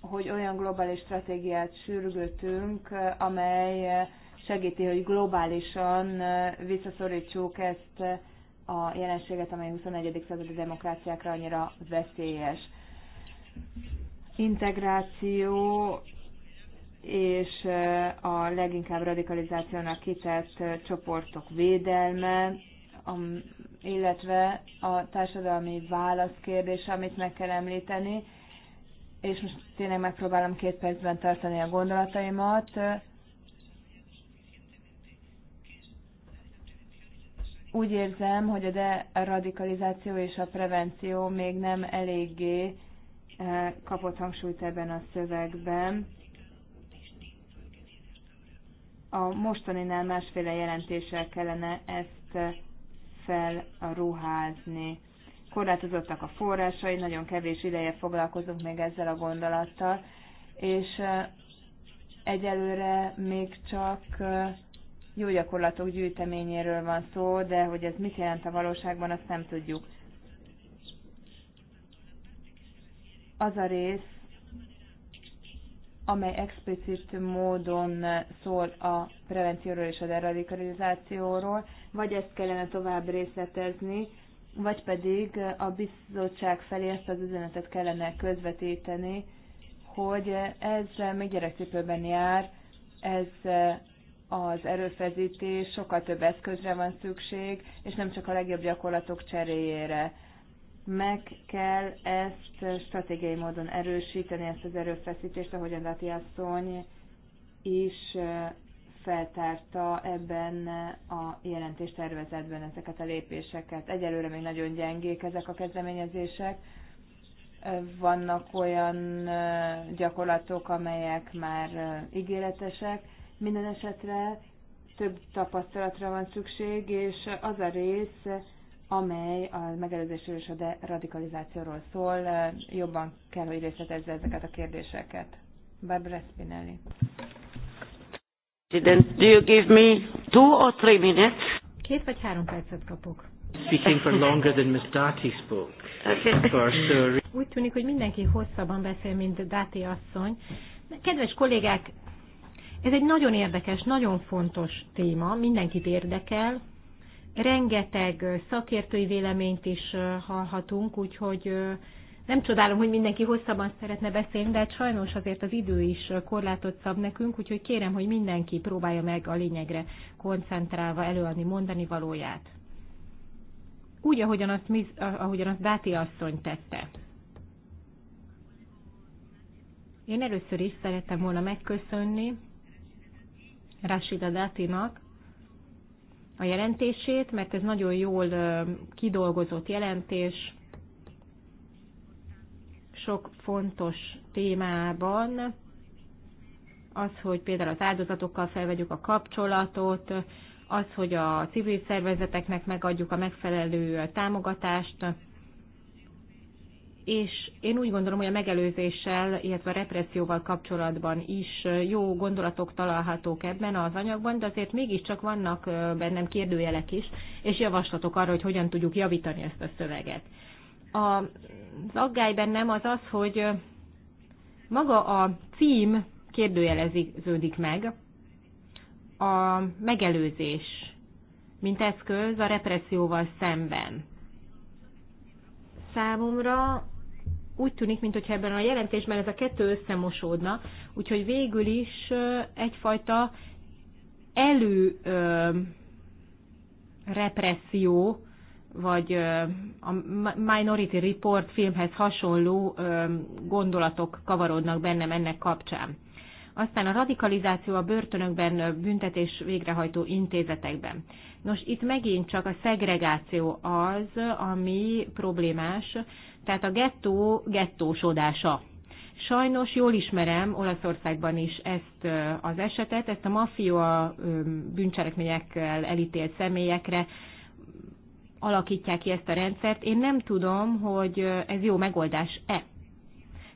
hogy olyan globális stratégiát sürgötünk, amely segíti, hogy globálisan visszaszorítsuk ezt a jelenséget, amely 21. századi demokráciákra annyira veszélyes. Integráció és eh, a leginkább radikalizációnak kitett eh, csoportok védelme, illetve a társadalmi válaszkérdés, amit meg kell említeni, és most tényleg megpróbálom két percben tartani a gondolataimat. Úgy érzem, hogy a deradikalizáció és a prevenció még nem eléggé eh, kapott hangsúlyt ebben a szövegben a mostaninál másféle jelentéssel kellene ezt felruházni. Korlátozottak a forrásai, nagyon kevés ideje foglalkozunk még ezzel a gondolattal, és egyelőre még csak jó gyakorlatok gyűjteményéről van szó, de hogy ez mit jelent a valóságban, azt nem tudjuk. Az a rész, amely explicit módon szól a prevencióról és a deradikalizációról, vagy ezt kellene tovább részletezni, vagy pedig a bizottság felé ezt az üzenetet kellene közvetíteni, hogy ez még gyerekcipőben jár, ez az erőfezítés, sokkal több eszközre van szükség, és nem csak a legjobb gyakorlatok cseréjére. Meg kell ezt stratégiai módon erősíteni, ezt az erőfeszítést, ahogyan Dati asszony is feltárta ebben a jelentéstervezetben ezeket a lépéseket. Egyelőre még nagyon gyengék ezek a kezdeményezések. Vannak olyan gyakorlatok, amelyek már ígéretesek. Minden esetre több tapasztalatra van szükség, és az a rész, amely a megelőzésről és a radikalizációról szól. Jobban kell, hogy részletezze ezeket a kérdéseket. Barbara Spinelli. Do you give me two or three minutes? Két vagy három percet kapok. Speaking for longer than Miss Dati spoke. For uh, Úgy tűnik, hogy mindenki hosszabban beszél, mint Dati asszony. Kedves kollégák, ez egy nagyon érdekes, nagyon fontos téma, mindenkit érdekel, rengeteg szakértői véleményt is hallhatunk, úgyhogy nem csodálom, hogy mindenki hosszabban szeretne beszélni, de hát sajnos azért az idő is korlátot szab nekünk, úgyhogy kérem, hogy mindenki próbálja meg a lényegre koncentrálva előadni mondani valóját. Úgy, ahogyan azt, ahogyan azt Dáti asszony tette. Én először is szerettem volna megköszönni Rashida Dátinak a jelentését, mert ez nagyon jól kidolgozott jelentés, sok fontos témában, az, hogy például az áldozatokkal felvegyük a kapcsolatot, az, hogy a civil szervezeteknek megadjuk a megfelelő támogatást, és én úgy gondolom, hogy a megelőzéssel, illetve a represszióval kapcsolatban is jó gondolatok találhatók ebben az anyagban, de azért mégiscsak vannak bennem kérdőjelek is, és javaslatok arra, hogy hogyan tudjuk javítani ezt a szöveget. A, az aggály bennem az az, hogy maga a cím kérdőjeleződik meg, a megelőzés, mint eszköz a represszióval szemben számomra úgy tűnik, mintha ebben a jelentésben ez a kettő összemosódna, úgyhogy végül is egyfajta elő represszió, vagy a Minority Report filmhez hasonló gondolatok kavarodnak bennem ennek kapcsán. Aztán a radikalizáció a börtönökben, büntetés végrehajtó intézetekben. Nos, itt megint csak a szegregáció az, ami problémás, tehát a gettó gettósodása. Sajnos jól ismerem Olaszországban is ezt az esetet, ezt a maffia bűncselekményekkel elítélt személyekre alakítják ki ezt a rendszert. Én nem tudom, hogy ez jó megoldás-e.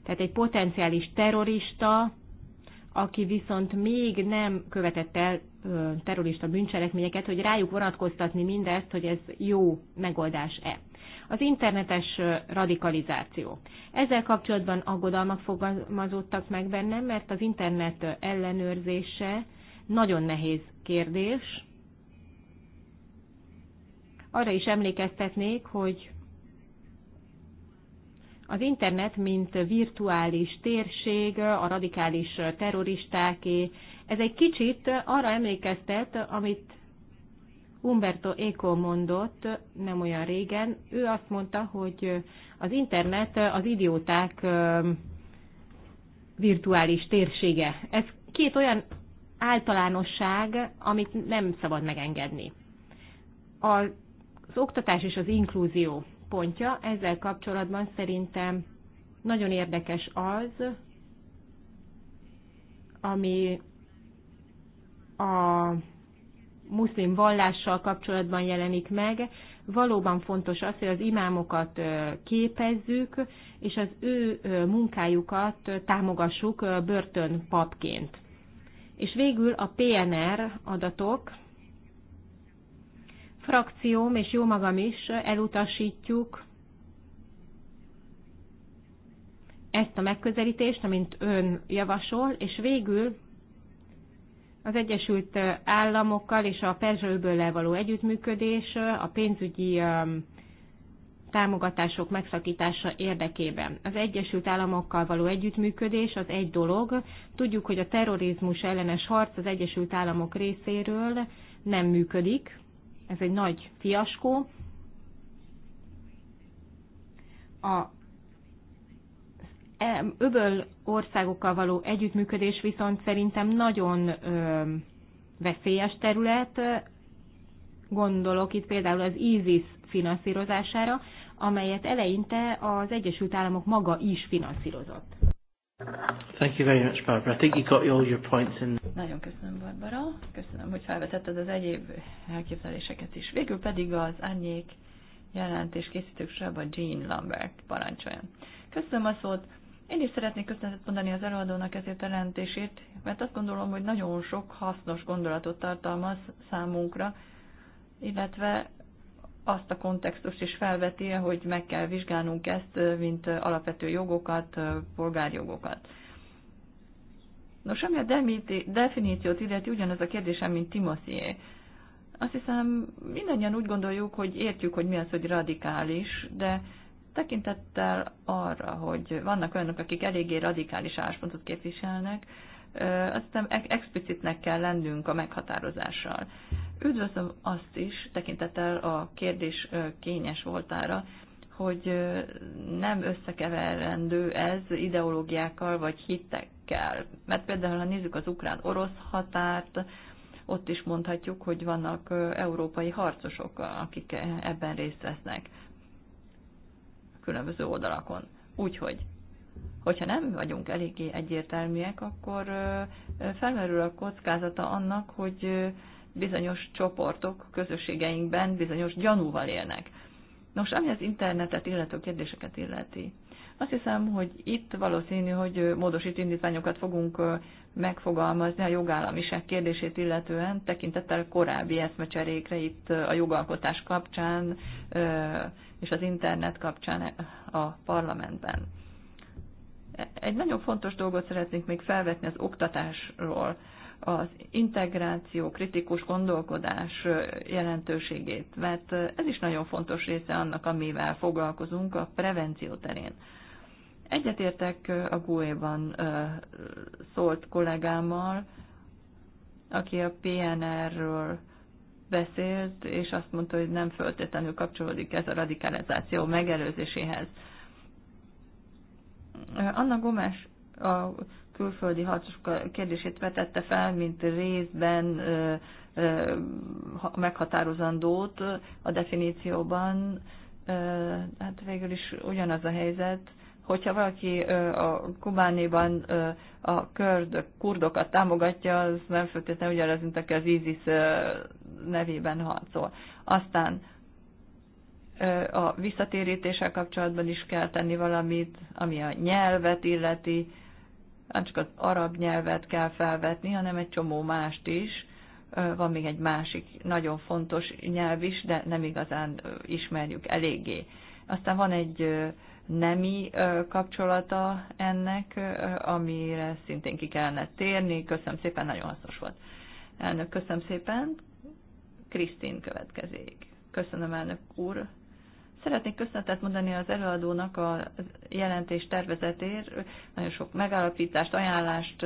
Tehát egy potenciális terrorista, aki viszont még nem követett el terrorista bűncselekményeket, hogy rájuk vonatkoztatni mindezt, hogy ez jó megoldás-e az internetes radikalizáció. Ezzel kapcsolatban aggodalmak fogalmazódtak meg bennem, mert az internet ellenőrzése nagyon nehéz kérdés. Arra is emlékeztetnék, hogy az internet, mint virtuális térség, a radikális terroristáké, ez egy kicsit arra emlékeztet, amit Humberto Eco mondott nem olyan régen. Ő azt mondta, hogy az internet az idióták virtuális térsége. Ez két olyan általánosság, amit nem szabad megengedni. Az oktatás és az inkluzió pontja ezzel kapcsolatban szerintem nagyon érdekes az, ami a muszlim vallással kapcsolatban jelenik meg. Valóban fontos az, hogy az imámokat képezzük, és az ő munkájukat támogassuk börtönpapként. És végül a PNR adatok, frakcióm és jó magam is elutasítjuk ezt a megközelítést, amint ön javasol, és végül az Egyesült Államokkal és a Perzsőből levaló együttműködés a pénzügyi um, támogatások megszakítása érdekében. Az Egyesült Államokkal való együttműködés az egy dolog. Tudjuk, hogy a terrorizmus ellenes harc az Egyesült Államok részéről nem működik. Ez egy nagy fiaskó. A E, öböl országokkal való együttműködés viszont szerintem nagyon veszélyes terület, gondolok itt például az ISIS finanszírozására, amelyet eleinte az Egyesült Államok maga is finanszírozott. Thank you very much, Barbara. I think you got all your points in. Nagyon köszönöm, Barbara. Köszönöm, hogy felvetetted az egyéb elképzeléseket is. Végül pedig az árnyék jelentés készítők a Jean Lambert parancsoljon. Köszönöm a szót. Én is szeretnék köszönetet mondani az előadónak ezért a jelentését, mert azt gondolom, hogy nagyon sok hasznos gondolatot tartalmaz számunkra, illetve azt a kontextust is felveti, hogy meg kell vizsgálnunk ezt, mint alapvető jogokat, polgárjogokat. Nos, ami a definíciót illeti, ugyanaz a kérdésem, mint Timoszié. Azt hiszem, mindannyian úgy gondoljuk, hogy értjük, hogy mi az, hogy radikális, de Tekintettel arra, hogy vannak olyanok, akik eléggé radikális álláspontot képviselnek, aztán explicitnek kell lennünk a meghatározással. Üdvözlöm azt is, tekintettel a kérdés kényes voltára, hogy nem összekeverendő ez ideológiákkal vagy hittekkel. Mert például, ha nézzük az ukrán-orosz határt, ott is mondhatjuk, hogy vannak európai harcosok, akik ebben részt vesznek különböző oldalakon. Úgyhogy, hogyha nem vagyunk eléggé egyértelműek, akkor felmerül a kockázata annak, hogy bizonyos csoportok közösségeinkben bizonyos gyanúval élnek. Nos, ami az internetet illető kérdéseket illeti, azt hiszem, hogy itt valószínű, hogy módosít indítványokat fogunk megfogalmazni a jogállamiság kérdését illetően, tekintettel korábbi eszmecserékre itt a jogalkotás kapcsán és az internet kapcsán a parlamentben. E, egy nagyon fontos dolgot szeretnénk még felvetni az oktatásról, az integráció, kritikus gondolkodás jelentőségét, mert ez is nagyon fontos része annak, amivel foglalkozunk a prevenció terén. Egyetértek a GUE-ban szólt kollégámmal, aki a PNR-ről beszélt, és azt mondta, hogy nem föltétlenül kapcsolódik ez a radikalizáció megelőzéséhez. Anna Gomes a külföldi harcos kérdését vetette fel, mint részben meghatározandót a definícióban. Hát végül is ugyanaz a helyzet, hogyha valaki a Kubániban a körd, kurdokat támogatja, az nem feltétlenül ugyanaz, mint aki az ISIS nevében harcol. Aztán a visszatérítéssel kapcsolatban is kell tenni valamit, ami a nyelvet illeti, nem csak az arab nyelvet kell felvetni, hanem egy csomó mást is. Van még egy másik nagyon fontos nyelv is, de nem igazán ismerjük eléggé. Aztán van egy nemi kapcsolata ennek, amire szintén ki kellene térni. Köszönöm szépen, nagyon hasznos volt. Elnök, köszönöm szépen. Krisztin következik. Köszönöm, elnök úr. Szeretnék köszönetet mondani az előadónak a jelentés tervezetért. Nagyon sok megállapítást, ajánlást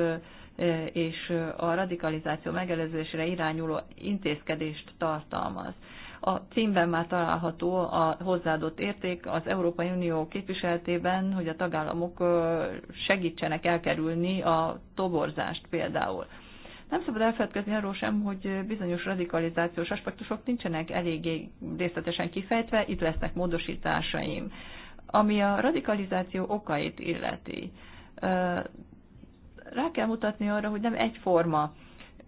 és a radikalizáció megelőzésére irányuló intézkedést tartalmaz. A címben már található a hozzáadott érték az Európai Unió képviseletében, hogy a tagállamok segítsenek elkerülni a toborzást például. Nem szabad elfeledkezni arról sem, hogy bizonyos radikalizációs aspektusok nincsenek eléggé részletesen kifejtve, itt lesznek módosításaim. Ami a radikalizáció okait illeti, rá kell mutatni arra, hogy nem egyforma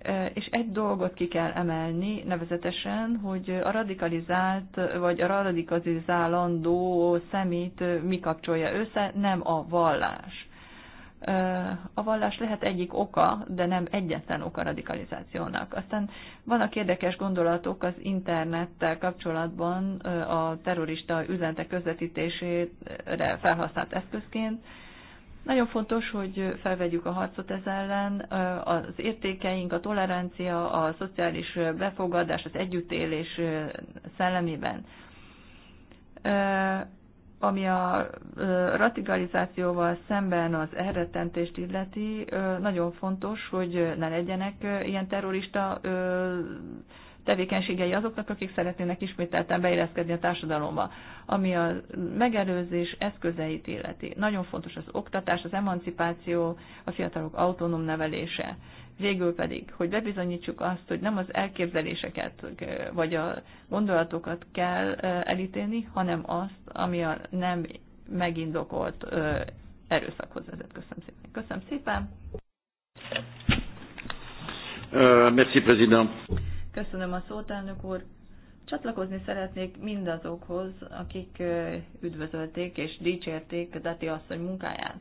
E, és egy dolgot ki kell emelni, nevezetesen, hogy a radikalizált vagy a radikalizálandó szemét e, mi kapcsolja össze, nem a vallás. E, a vallás lehet egyik oka, de nem egyetlen oka radikalizációnak. Aztán vannak érdekes gondolatok az internettel kapcsolatban a terrorista üzenetek közvetítésére felhasznált eszközként, nagyon fontos, hogy felvegyük a harcot ez ellen. Az értékeink, a tolerancia, a szociális befogadás, az együttélés szellemében. Ami a radikalizációval szemben az elrettentést illeti, nagyon fontos, hogy ne legyenek ilyen terrorista tevékenységei azoknak, akik szeretnének ismételten beilleszkedni a társadalomba, ami a megelőzés eszközeit illeti. Nagyon fontos az oktatás, az emancipáció, a fiatalok autonóm nevelése. Végül pedig, hogy bebizonyítsuk azt, hogy nem az elképzeléseket vagy a gondolatokat kell elítélni, hanem azt, ami a nem megindokolt erőszakhoz vezet. Köszönöm szépen. Köszönöm szépen. Uh, merci, président. Köszönöm a szót, elnök úr. Csatlakozni szeretnék mindazokhoz, akik üdvözölték és dicsérték Dati asszony munkáját.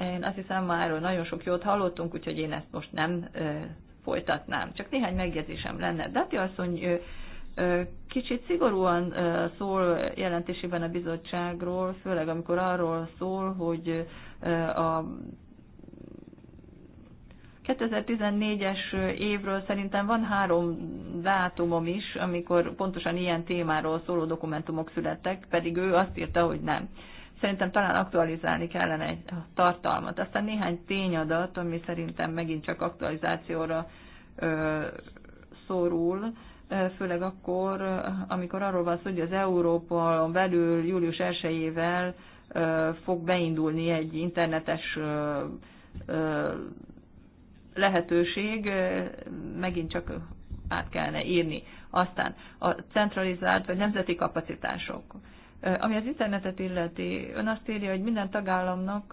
Én azt hiszem, már nagyon sok jót hallottunk, úgyhogy én ezt most nem folytatnám. Csak néhány megjegyzésem lenne. Dati asszony kicsit szigorúan szól jelentésében a bizottságról, főleg amikor arról szól, hogy a 2014-es évről szerintem van három dátumom is, amikor pontosan ilyen témáról szóló dokumentumok születtek, pedig ő azt írta, hogy nem. Szerintem talán aktualizálni kellene egy tartalmat. Aztán néhány tényadat, ami szerintem megint csak aktualizációra ö, szorul, főleg akkor, amikor arról van szó, hogy az Európa belül július 1-ével fog beindulni egy internetes ö, ö, lehetőség, megint csak át kellene írni. Aztán a centralizált vagy nemzeti kapacitások. Ami az internetet illeti, ön azt írja, hogy minden tagállamnak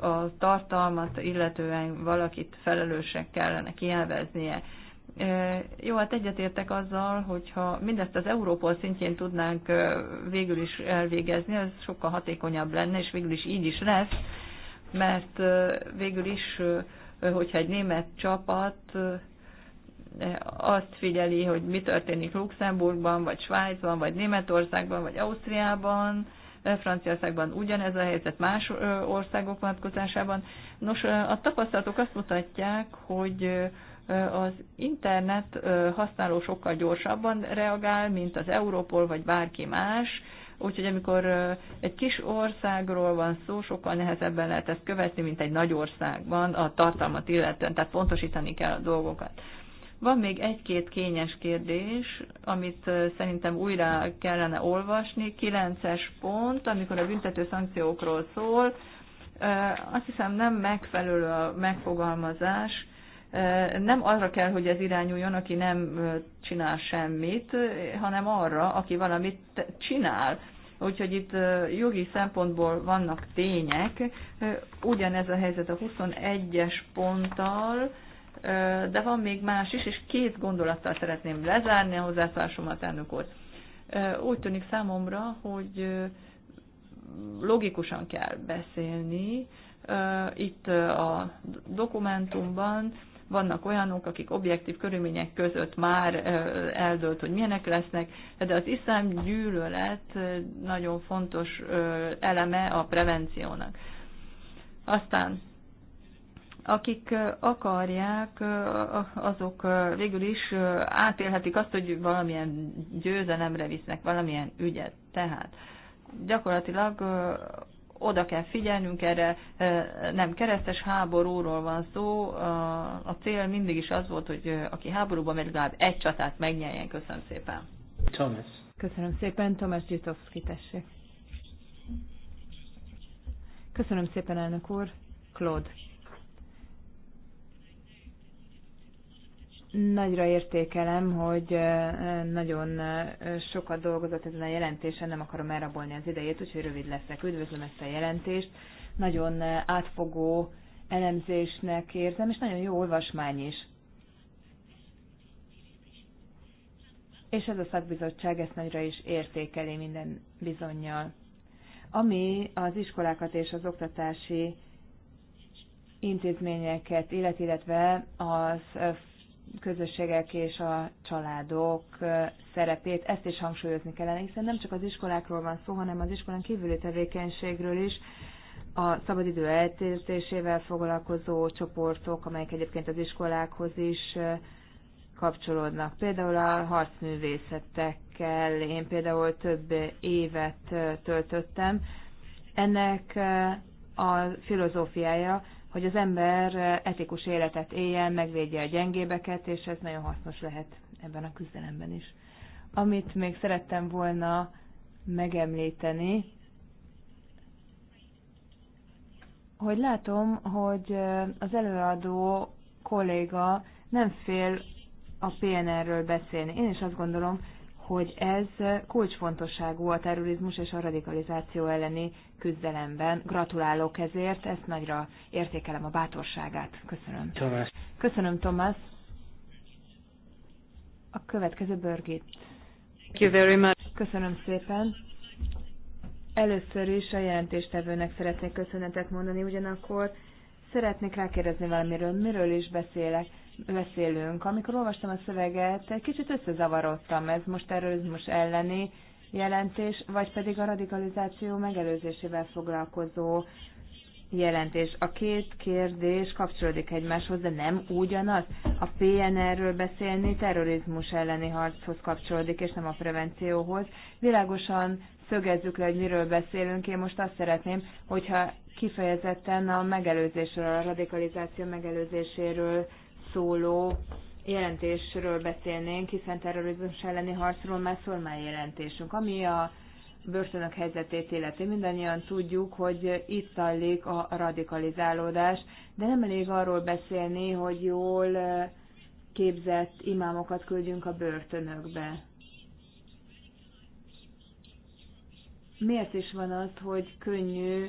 a tartalmat illetően valakit felelősek kellene kielveznie. Jó, hát egyetértek azzal, hogyha mindezt az Európol szintjén tudnánk végül is elvégezni, az sokkal hatékonyabb lenne, és végül is így is lesz, mert végül is, hogyha egy német csapat e, azt figyeli, hogy mi történik Luxemburgban, vagy Svájcban, vagy Németországban, vagy Ausztriában, Franciaországban ugyanez a helyzet más országok vonatkozásában. Nos, a tapasztalatok azt mutatják, hogy az internet használó sokkal gyorsabban reagál, mint az Európol vagy bárki más, Úgyhogy amikor egy kis országról van szó, sokkal nehezebben lehet ezt követni, mint egy nagy országban a tartalmat illetően, tehát pontosítani kell a dolgokat. Van még egy-két kényes kérdés, amit szerintem újra kellene olvasni. 9 pont, amikor a büntető szankciókról szól, azt hiszem nem megfelelő a megfogalmazás, nem arra kell, hogy ez irányuljon, aki nem csinál semmit, hanem arra, aki valamit csinál. Úgyhogy itt jogi szempontból vannak tények. Ugyanez a helyzet a 21-es ponttal, de van még más is, és két gondolattal szeretném lezárni a hozzászásomat, elnök úr. Úgy tűnik számomra, hogy logikusan kell beszélni. Itt a dokumentumban vannak olyanok, akik objektív körülmények között már eldölt, hogy milyenek lesznek, de az iszám gyűlölet nagyon fontos eleme a prevenciónak. Aztán akik akarják, azok végül is átélhetik azt, hogy valamilyen győzelemre visznek, valamilyen ügyet. Tehát gyakorlatilag oda kell figyelnünk erre, nem keresztes háborúról van szó, a cél mindig is az volt, hogy aki háborúban megy, legalább egy csatát megnyeljen. Köszönöm szépen. Thomas. Köszönöm szépen, Tomás Gyitovszki, tessék. Köszönöm szépen, elnök úr. Claude. Nagyra értékelem, hogy nagyon sokat dolgozott ezen a jelentésen, nem akarom elrabolni az idejét, úgyhogy rövid leszek. Üdvözlöm ezt a jelentést. Nagyon átfogó elemzésnek érzem, és nagyon jó olvasmány is. És ez a szakbizottság ezt nagyra is értékeli minden bizonyjal. Ami az iskolákat és az oktatási intézményeket illet, illetve az közösségek és a családok szerepét, ezt is hangsúlyozni kellene, hiszen nem csak az iskolákról van szó, hanem az iskolán kívüli tevékenységről is, a szabadidő eltértésével foglalkozó csoportok, amelyek egyébként az iskolákhoz is kapcsolódnak. Például a harcművészetekkel én például több évet töltöttem. Ennek a filozófiája hogy az ember etikus életet éljen, megvédje a gyengébeket, és ez nagyon hasznos lehet ebben a küzdelemben is. Amit még szerettem volna megemlíteni, hogy látom, hogy az előadó kolléga nem fél a PNR-ről beszélni. Én is azt gondolom, hogy ez kulcsfontosságú a terrorizmus és a radikalizáció elleni küzdelemben. Gratulálok ezért, ezt nagyra értékelem a bátorságát. Köszönöm. Tomás. Köszönöm, Thomas. A következő Birgit. Thank you very much. Köszönöm szépen. Először is a jelentéstevőnek szeretnék köszönetet mondani, ugyanakkor szeretnék rákérdezni valamiről, miről is beszélek beszélünk. Amikor olvastam a szöveget, egy kicsit összezavarodtam, ez most terrorizmus elleni jelentés, vagy pedig a radikalizáció megelőzésével foglalkozó jelentés. A két kérdés kapcsolódik egymáshoz, de nem ugyanaz. A PNR-ről beszélni terrorizmus elleni harchoz kapcsolódik, és nem a prevencióhoz. Világosan szögezzük le, hogy miről beszélünk. Én most azt szeretném, hogyha kifejezetten a megelőzésről, a radikalizáció megelőzéséről szóló jelentésről beszélnénk, hiszen terrorizmus elleni harcról már szól már jelentésünk. Ami a börtönök helyzetét illeti, mindannyian tudjuk, hogy itt zajlik a radikalizálódás, de nem elég arról beszélni, hogy jól eh, képzett imámokat küldjünk a börtönökbe. Miért is van az, hogy könnyű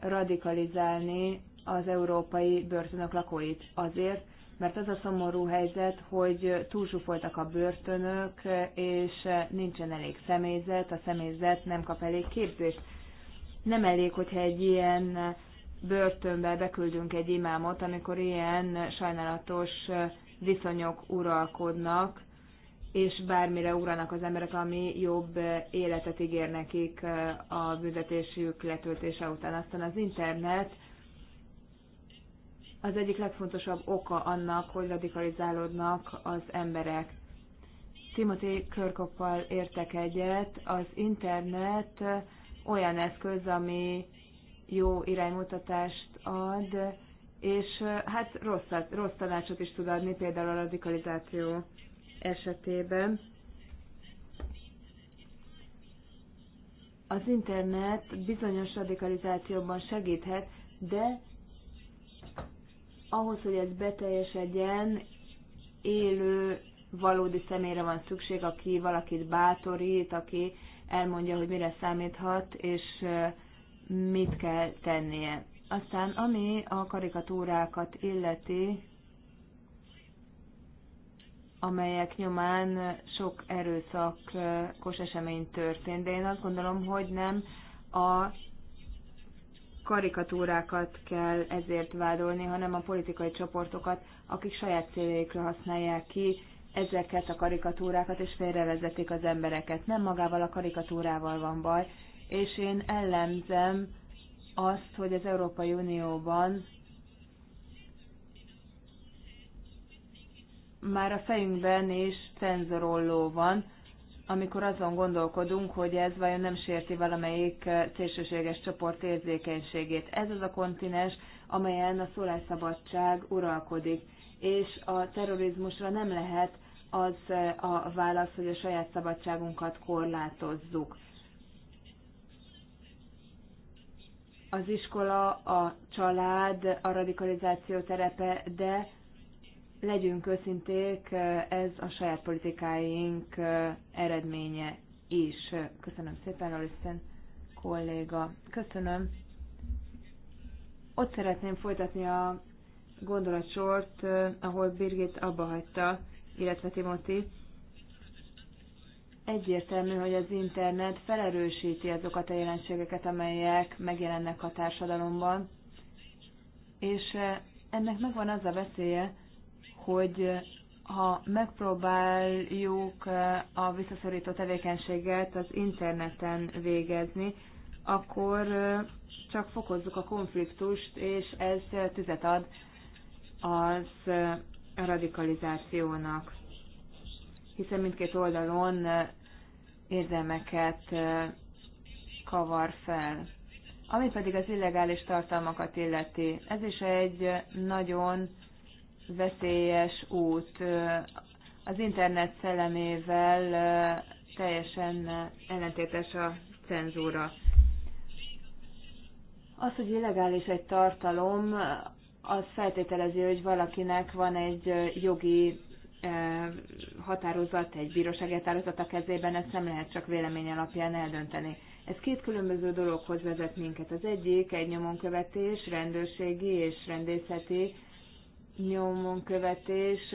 radikalizálni az európai börtönök lakóit? Azért, mert az a szomorú helyzet, hogy túlzsúfoltak a börtönök, és nincsen elég személyzet, a személyzet nem kap elég képzést. Nem elég, hogyha egy ilyen börtönbe beküldünk egy imámot, amikor ilyen sajnálatos viszonyok uralkodnak, és bármire uranak az emberek, ami jobb életet ígér nekik a büntetésük letöltése után. Aztán az internet az egyik legfontosabb oka annak, hogy radikalizálódnak az emberek. Timothy Körkoppal értek egyet, az internet olyan eszköz, ami jó iránymutatást ad, és hát rossz, rossz tanácsot is tud adni, például a radikalizáció esetében. Az internet bizonyos radikalizációban segíthet, de ahhoz, hogy ez beteljesedjen, élő, valódi személyre van szükség, aki valakit bátorít, aki elmondja, hogy mire számíthat, és mit kell tennie. Aztán ami a karikatúrákat illeti, amelyek nyomán sok erőszakos esemény történt, de én azt gondolom, hogy nem a karikatúrákat kell ezért vádolni, hanem a politikai csoportokat, akik saját céljaikra használják ki ezeket a karikatúrákat, és félrevezetik az embereket. Nem magával a karikatúrával van baj, és én ellenzem azt, hogy az Európai Unióban már a fejünkben is cenzorolló van, amikor azon gondolkodunk, hogy ez vajon nem sérti valamelyik eh, szélsőséges csoport érzékenységét. Ez az a kontinens, amelyen a szólásszabadság uralkodik, és a terrorizmusra nem lehet az eh, a válasz, hogy a saját szabadságunkat korlátozzuk. Az iskola, a család, a radikalizáció terepe, de legyünk őszinték, ez a saját politikáink eredménye is. Köszönöm szépen, Alisztán kolléga. Köszönöm. Ott szeretném folytatni a gondolatsort, ahol Birgit abba hagyta, illetve Timothy. Egyértelmű, hogy az internet felerősíti azokat a jelenségeket, amelyek megjelennek a társadalomban, és ennek megvan az a veszélye, hogy ha megpróbáljuk a visszaszorító tevékenységet az interneten végezni, akkor csak fokozzuk a konfliktust, és ez tüzet ad az radikalizációnak. Hiszen mindkét oldalon érdemeket kavar fel. Ami pedig az illegális tartalmakat illeti, ez is egy nagyon veszélyes út. Az internet szellemével teljesen ellentétes a cenzúra. Az, hogy illegális egy tartalom, az feltételezi, hogy valakinek van egy jogi határozat, egy bírósági határozat a kezében, ezt nem lehet csak vélemény alapján eldönteni. Ez két különböző dologhoz vezet minket. Az egyik egy nyomonkövetés, rendőrségi és rendészeti nyomon követés,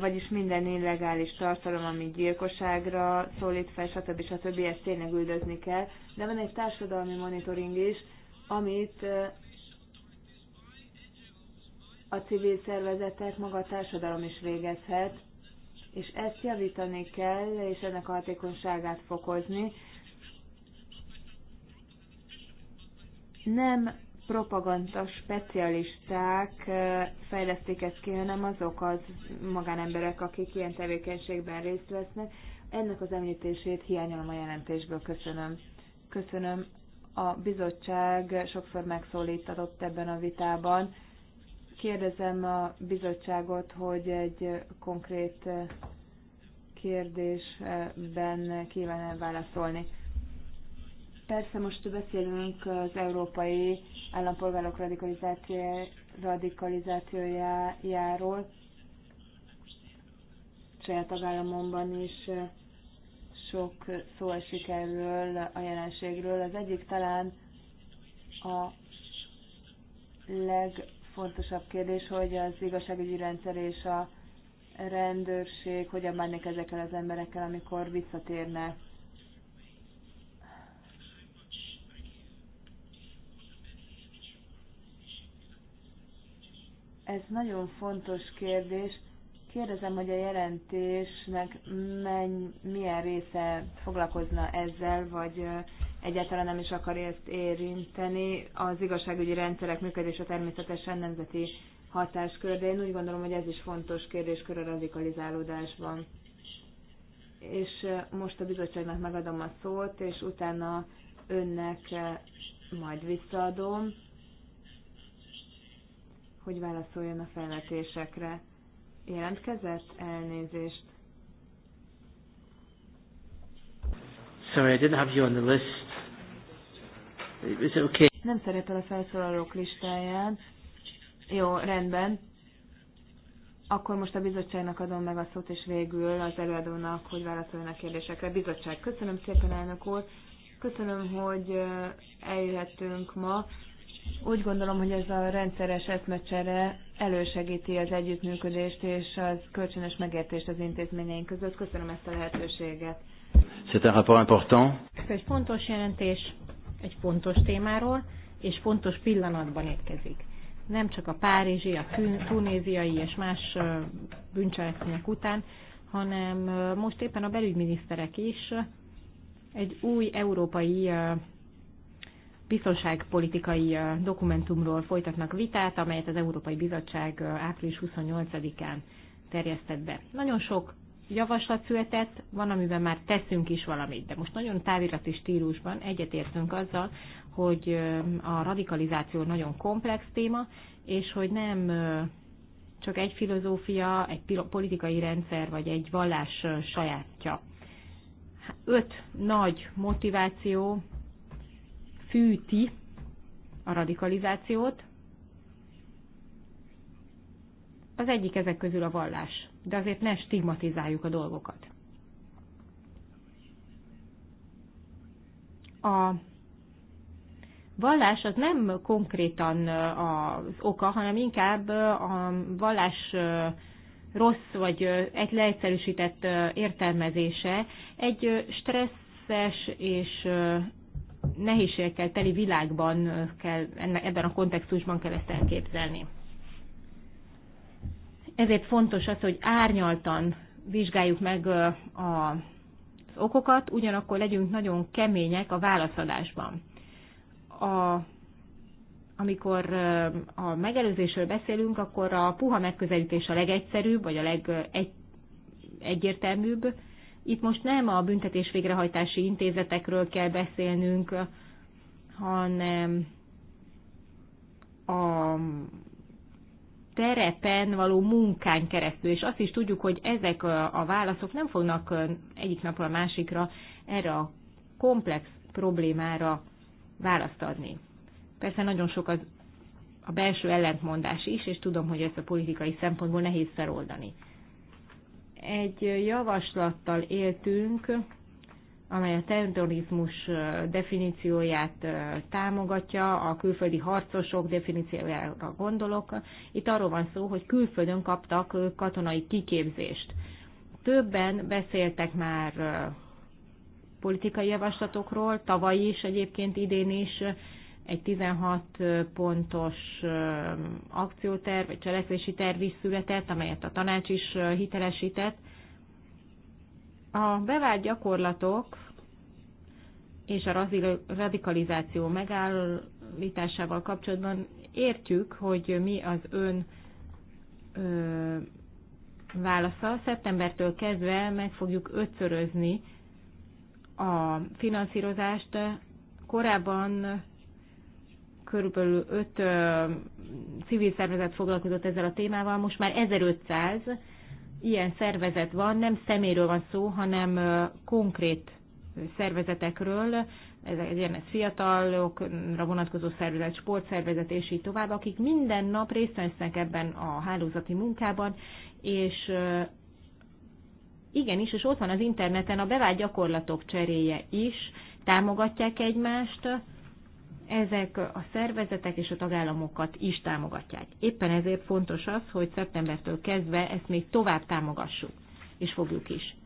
vagyis minden illegális tartalom, ami gyilkosságra szólít fel, stb. stb. ezt tényleg üldözni kell. De van egy társadalmi monitoring is, amit a civil szervezetek, maga a társadalom is végezhet, és ezt javítani kell, és ennek a hatékonyságát fokozni. Nem propaganda specialisták fejleszték ezt ki, hanem azok az magánemberek, akik ilyen tevékenységben részt vesznek. Ennek az említését hiányolom a jelentésből, köszönöm. Köszönöm. A bizottság sokszor megszólítatott ebben a vitában. Kérdezem a bizottságot, hogy egy konkrét kérdésben kíván válaszolni. Persze most beszélünk az európai állampolgárok radikalizációjáról. Saját tagállamomban is sok szó esik erről a jelenségről. Az egyik talán a legfontosabb kérdés, hogy az igazságügyi rendszer és a rendőrség hogyan bánnak ezekkel az emberekkel, amikor visszatérnek Ez nagyon fontos kérdés. Kérdezem, hogy a jelentésnek menny, milyen része foglalkozna ezzel, vagy egyáltalán nem is akar ezt érinteni. Az igazságügyi rendszerek működése természetesen nemzeti hatáskör, de én úgy gondolom, hogy ez is fontos kérdéskör a radikalizálódásban. És most a bizottságnak megadom a szót, és utána önnek majd visszaadom hogy válaszoljon a felvetésekre. Jelentkezett elnézést. Sorry, I didn't have you on the list. Is it okay? Nem szerepel a felszólalók listáján. Jó, rendben. Akkor most a bizottságnak adom meg a szót, és végül az előadónak, hogy válaszoljon a kérdésekre. Bizottság, köszönöm szépen, elnök úr. Köszönöm, hogy eljöhettünk ma. Úgy gondolom, hogy ez a rendszeres eszmecsere elősegíti az együttműködést és az kölcsönös megértést az intézményeink között. Köszönöm ezt a lehetőséget. C'est un rapport important. Egy fontos jelentés egy fontos témáról, és fontos pillanatban érkezik. Nem csak a párizsi, a tunéziai és más bűncselekmények után, hanem most éppen a belügyminiszterek is egy új európai biztonságpolitikai dokumentumról folytatnak vitát, amelyet az Európai Bizottság április 28-án terjesztett be. Nagyon sok javaslat született, van, amiben már teszünk is valamit, de most nagyon távirati stílusban egyetértünk azzal, hogy a radikalizáció nagyon komplex téma, és hogy nem csak egy filozófia, egy politikai rendszer vagy egy vallás sajátja. Öt nagy motiváció fűti a radikalizációt. Az egyik ezek közül a vallás, de azért ne stigmatizáljuk a dolgokat. A vallás az nem konkrétan az oka, hanem inkább a vallás rossz vagy egy leegyszerűsített értelmezése egy stresszes és nehézségekkel teli világban kell, ebben a kontextusban kell ezt elképzelni. Ezért fontos az, hogy árnyaltan vizsgáljuk meg a okokat, ugyanakkor legyünk nagyon kemények a válaszadásban. A, amikor a megelőzésről beszélünk, akkor a puha megközelítés a legegyszerűbb, vagy a legegyértelműbb, egy, itt most nem a büntetés végrehajtási intézetekről kell beszélnünk, hanem a terepen való munkán keresztül, és azt is tudjuk, hogy ezek a válaszok nem fognak egyik napról a másikra erre a komplex problémára választ adni. Persze nagyon sok az a belső ellentmondás is, és tudom, hogy ezt a politikai szempontból nehéz feloldani egy javaslattal éltünk, amely a terrorizmus definícióját támogatja, a külföldi harcosok definíciójára gondolok. Itt arról van szó, hogy külföldön kaptak katonai kiképzést. Többen beszéltek már politikai javaslatokról, tavaly is egyébként idén is egy 16 pontos akcióterv, vagy cselekvési terv is született, amelyet a tanács is hitelesített. A bevált gyakorlatok és a radikalizáció megállításával kapcsolatban értjük, hogy mi az ön ö, válasza. Szeptembertől kezdve meg fogjuk ötszörözni a finanszírozást. Korábban körülbelül 5 civil szervezet foglalkozott ezzel a témával, most már 1500 ilyen szervezet van, nem szeméről van szó, hanem konkrét szervezetekről, ez, ilyen ez fiatalokra vonatkozó szervezet, sportszervezet és így tovább, akik minden nap részt vesznek ebben a hálózati munkában, és igenis, és ott van az interneten a bevált gyakorlatok cseréje is, támogatják egymást, ezek a szervezetek és a tagállamokat is támogatják. Éppen ezért fontos az, hogy szeptembertől kezdve ezt még tovább támogassuk, és fogjuk is.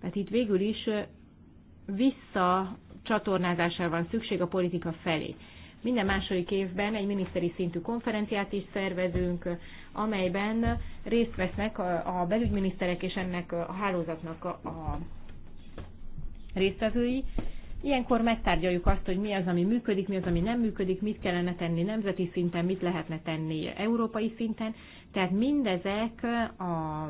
Tehát itt végül is visszacsatornázásra van szükség a politika felé. Minden második évben egy miniszteri szintű konferenciát is szervezünk, amelyben részt vesznek a belügyminiszterek és ennek a hálózatnak a résztvevői, Ilyenkor megtárgyaljuk azt, hogy mi az, ami működik, mi az, ami nem működik, mit kellene tenni nemzeti szinten, mit lehetne tenni európai szinten. Tehát mindezek a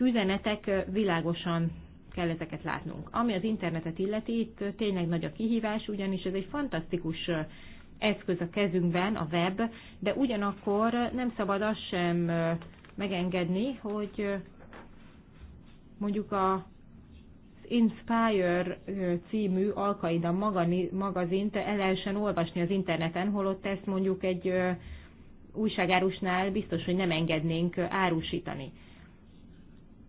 üzenetek világosan kell ezeket látnunk. Ami az internetet illeti, itt tényleg nagy a kihívás, ugyanis ez egy fantasztikus eszköz a kezünkben, a web, de ugyanakkor nem szabad azt sem megengedni, hogy mondjuk a Inspire című Alkaida magazint el lehessen olvasni az interneten, holott ezt mondjuk egy újságárusnál biztos, hogy nem engednénk árusítani.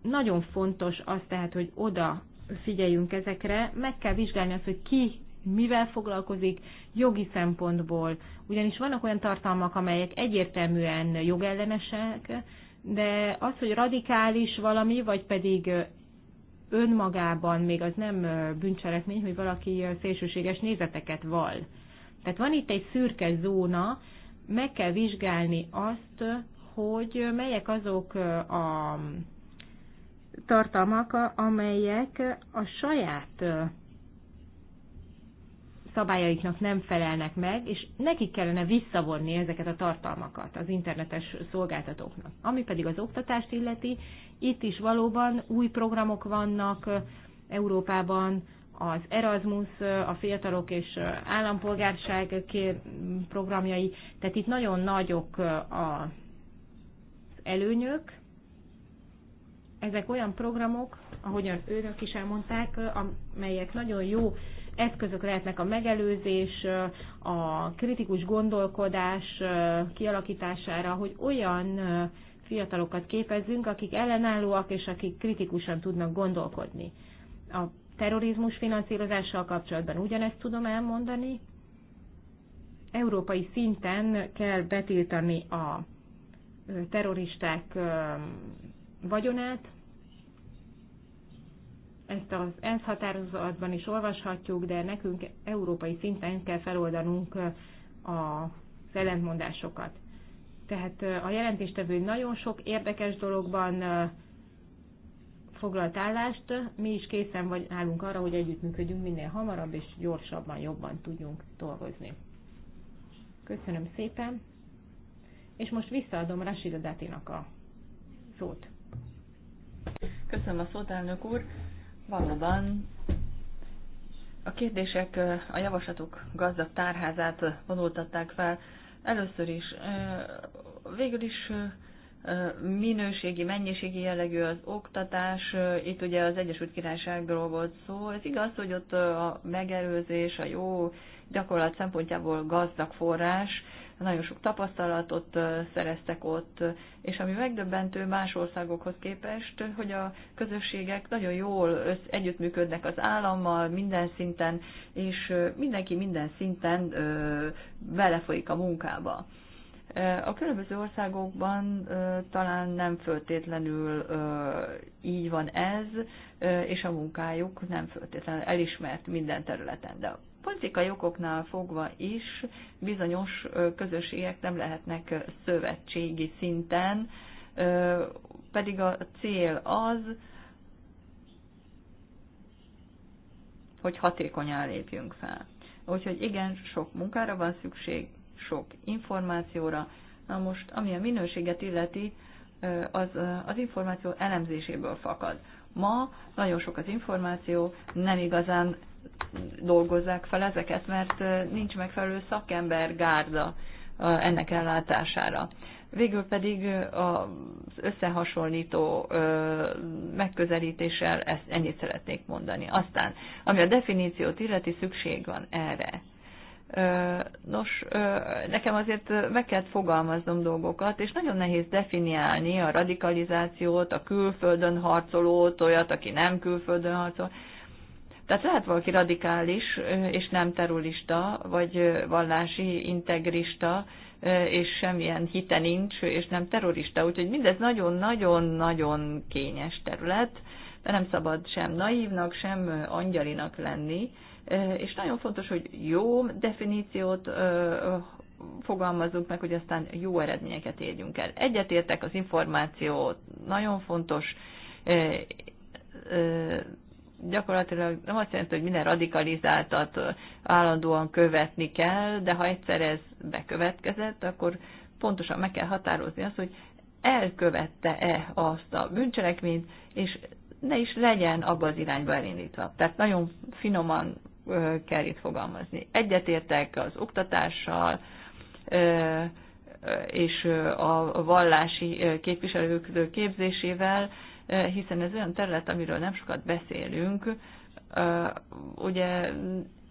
Nagyon fontos az tehát, hogy oda figyeljünk ezekre, meg kell vizsgálni azt, hogy ki mivel foglalkozik jogi szempontból, ugyanis vannak olyan tartalmak, amelyek egyértelműen jogellenesek, de az, hogy radikális valami, vagy pedig önmagában még az nem bűncselekmény, hogy valaki szélsőséges nézeteket val. Tehát van itt egy szürke zóna, meg kell vizsgálni azt, hogy melyek azok a tartalmak, amelyek a saját szabályaiknak nem felelnek meg, és nekik kellene visszavonni ezeket a tartalmakat az internetes szolgáltatóknak. Ami pedig az oktatást illeti, itt is valóban új programok vannak Európában, az Erasmus, a fiatalok és állampolgárság programjai, tehát itt nagyon nagyok az előnyök. Ezek olyan programok, ahogyan önök is elmondták, amelyek nagyon jó eszközök lehetnek a megelőzés, a kritikus gondolkodás kialakítására, hogy olyan fiatalokat képezzünk, akik ellenállóak és akik kritikusan tudnak gondolkodni. A terrorizmus finanszírozással kapcsolatban ugyanezt tudom elmondani. Európai szinten kell betiltani a terroristák vagyonát, ezt az ENSZ határozatban is olvashatjuk, de nekünk európai szinten kell feloldanunk az ellentmondásokat. Tehát a jelentéstevő nagyon sok érdekes dologban foglalt állást, mi is készen vagy állunk arra, hogy együttműködjünk minél hamarabb és gyorsabban, jobban tudjunk dolgozni. Köszönöm szépen, és most visszaadom Rashida Datinak a szót. Köszönöm a szót, elnök úr. Valóban a kérdések a javaslatok gazdag tárházát vonultatták fel. Először is, végül is minőségi, mennyiségi jellegű az oktatás. Itt ugye az Egyesült Királyságról volt szó. Ez igaz, hogy ott a megelőzés, a jó gyakorlat szempontjából gazdag forrás, nagyon sok tapasztalatot szereztek ott, és ami megdöbbentő más országokhoz képest, hogy a közösségek nagyon jól össz, együttműködnek az állammal minden szinten, és mindenki minden szinten belefolyik a munkába. A különböző országokban talán nem föltétlenül így van ez, és a munkájuk nem föltétlenül elismert minden területen, de politikai okoknál fogva is bizonyos közösségek nem lehetnek szövetségi szinten, pedig a cél az, hogy hatékonyan lépjünk fel. Úgyhogy igen, sok munkára van szükség, sok információra. Na most, ami a minőséget illeti, az, az információ elemzéséből fakad. Ma nagyon sok az információ, nem igazán dolgozzák fel ezeket, mert nincs megfelelő szakember gárda ennek ellátására. Végül pedig az összehasonlító megközelítéssel ezt ennyit szeretnék mondani. Aztán, ami a definíciót illeti, szükség van erre. Nos, nekem azért meg kell fogalmaznom dolgokat, és nagyon nehéz definiálni a radikalizációt, a külföldön harcolót, olyat, aki nem külföldön harcol. Tehát lehet valaki radikális, és nem terrorista, vagy vallási integrista, és semmilyen hite nincs, és nem terrorista. Úgyhogy mindez nagyon-nagyon-nagyon kényes terület, de nem szabad sem naívnak, sem angyalinak lenni. És nagyon fontos, hogy jó definíciót fogalmazunk meg, hogy aztán jó eredményeket érjünk el. Egyetértek, az információ nagyon fontos, gyakorlatilag nem azt jelenti, hogy minden radikalizáltat állandóan követni kell, de ha egyszer ez bekövetkezett, akkor pontosan meg kell határozni azt, hogy elkövette-e azt a bűncselekményt, és ne is legyen abba az irányba elindítva. Tehát nagyon finoman kell itt fogalmazni. Egyetértek az oktatással, és a vallási képviselők képzésével, hiszen ez olyan terület, amiről nem sokat beszélünk. Ugye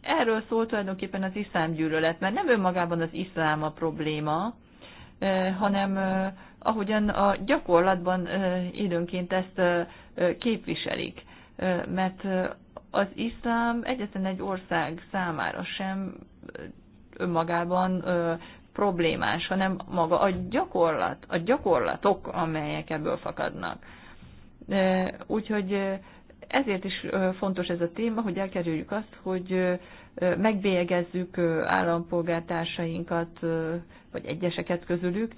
erről szól tulajdonképpen az iszlám gyűlölet, mert nem önmagában az iszlám a probléma, hanem ahogyan a gyakorlatban időnként ezt képviselik. Mert az iszlám egyetlen egy ország számára sem önmagában problémás, hanem maga a gyakorlat, a gyakorlatok, amelyek ebből fakadnak. Úgyhogy ezért is fontos ez a téma, hogy elkerüljük azt, hogy megbélyegezzük állampolgártársainkat, vagy egyeseket közülük.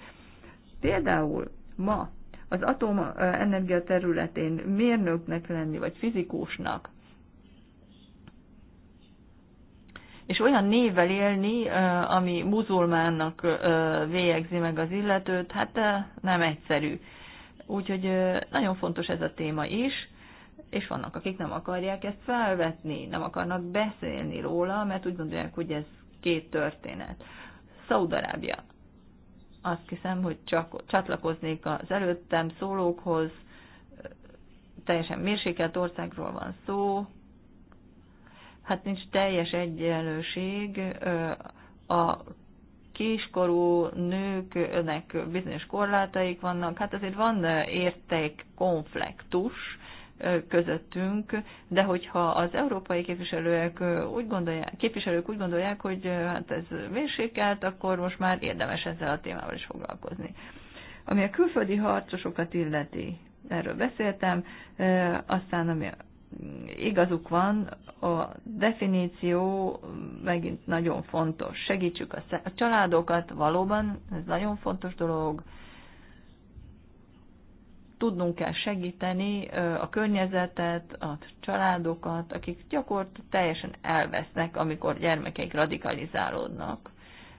Például ma az atomenergia területén mérnöknek lenni, vagy fizikusnak, és olyan névvel élni, ami muzulmánnak végzi meg az illetőt, hát nem egyszerű. Úgyhogy nagyon fontos ez a téma is, és vannak, akik nem akarják ezt felvetni, nem akarnak beszélni róla, mert úgy gondolják, hogy ez két történet. Szaudarábia. Azt hiszem, hogy csak csatlakoznék az előttem szólókhoz, teljesen mérsékelt országról van szó, hát nincs teljes egyenlőség a kiskorú nőknek bizonyos korlátaik vannak, hát azért van eh, érték konfliktus eh, közöttünk, de hogyha az európai képviselők eh, úgy gondolják, képviselők úgy gondolják, hogy hát ez mérsékelt, akkor most már érdemes ezzel a témával is foglalkozni. Ami a külföldi harcosokat illeti, erről beszéltem, aztán ami igazuk van, a definíció megint nagyon fontos. Segítsük a családokat, valóban ez nagyon fontos dolog. Tudnunk kell segíteni a környezetet, a családokat, akik gyakorlatilag teljesen elvesznek, amikor gyermekeik radikalizálódnak,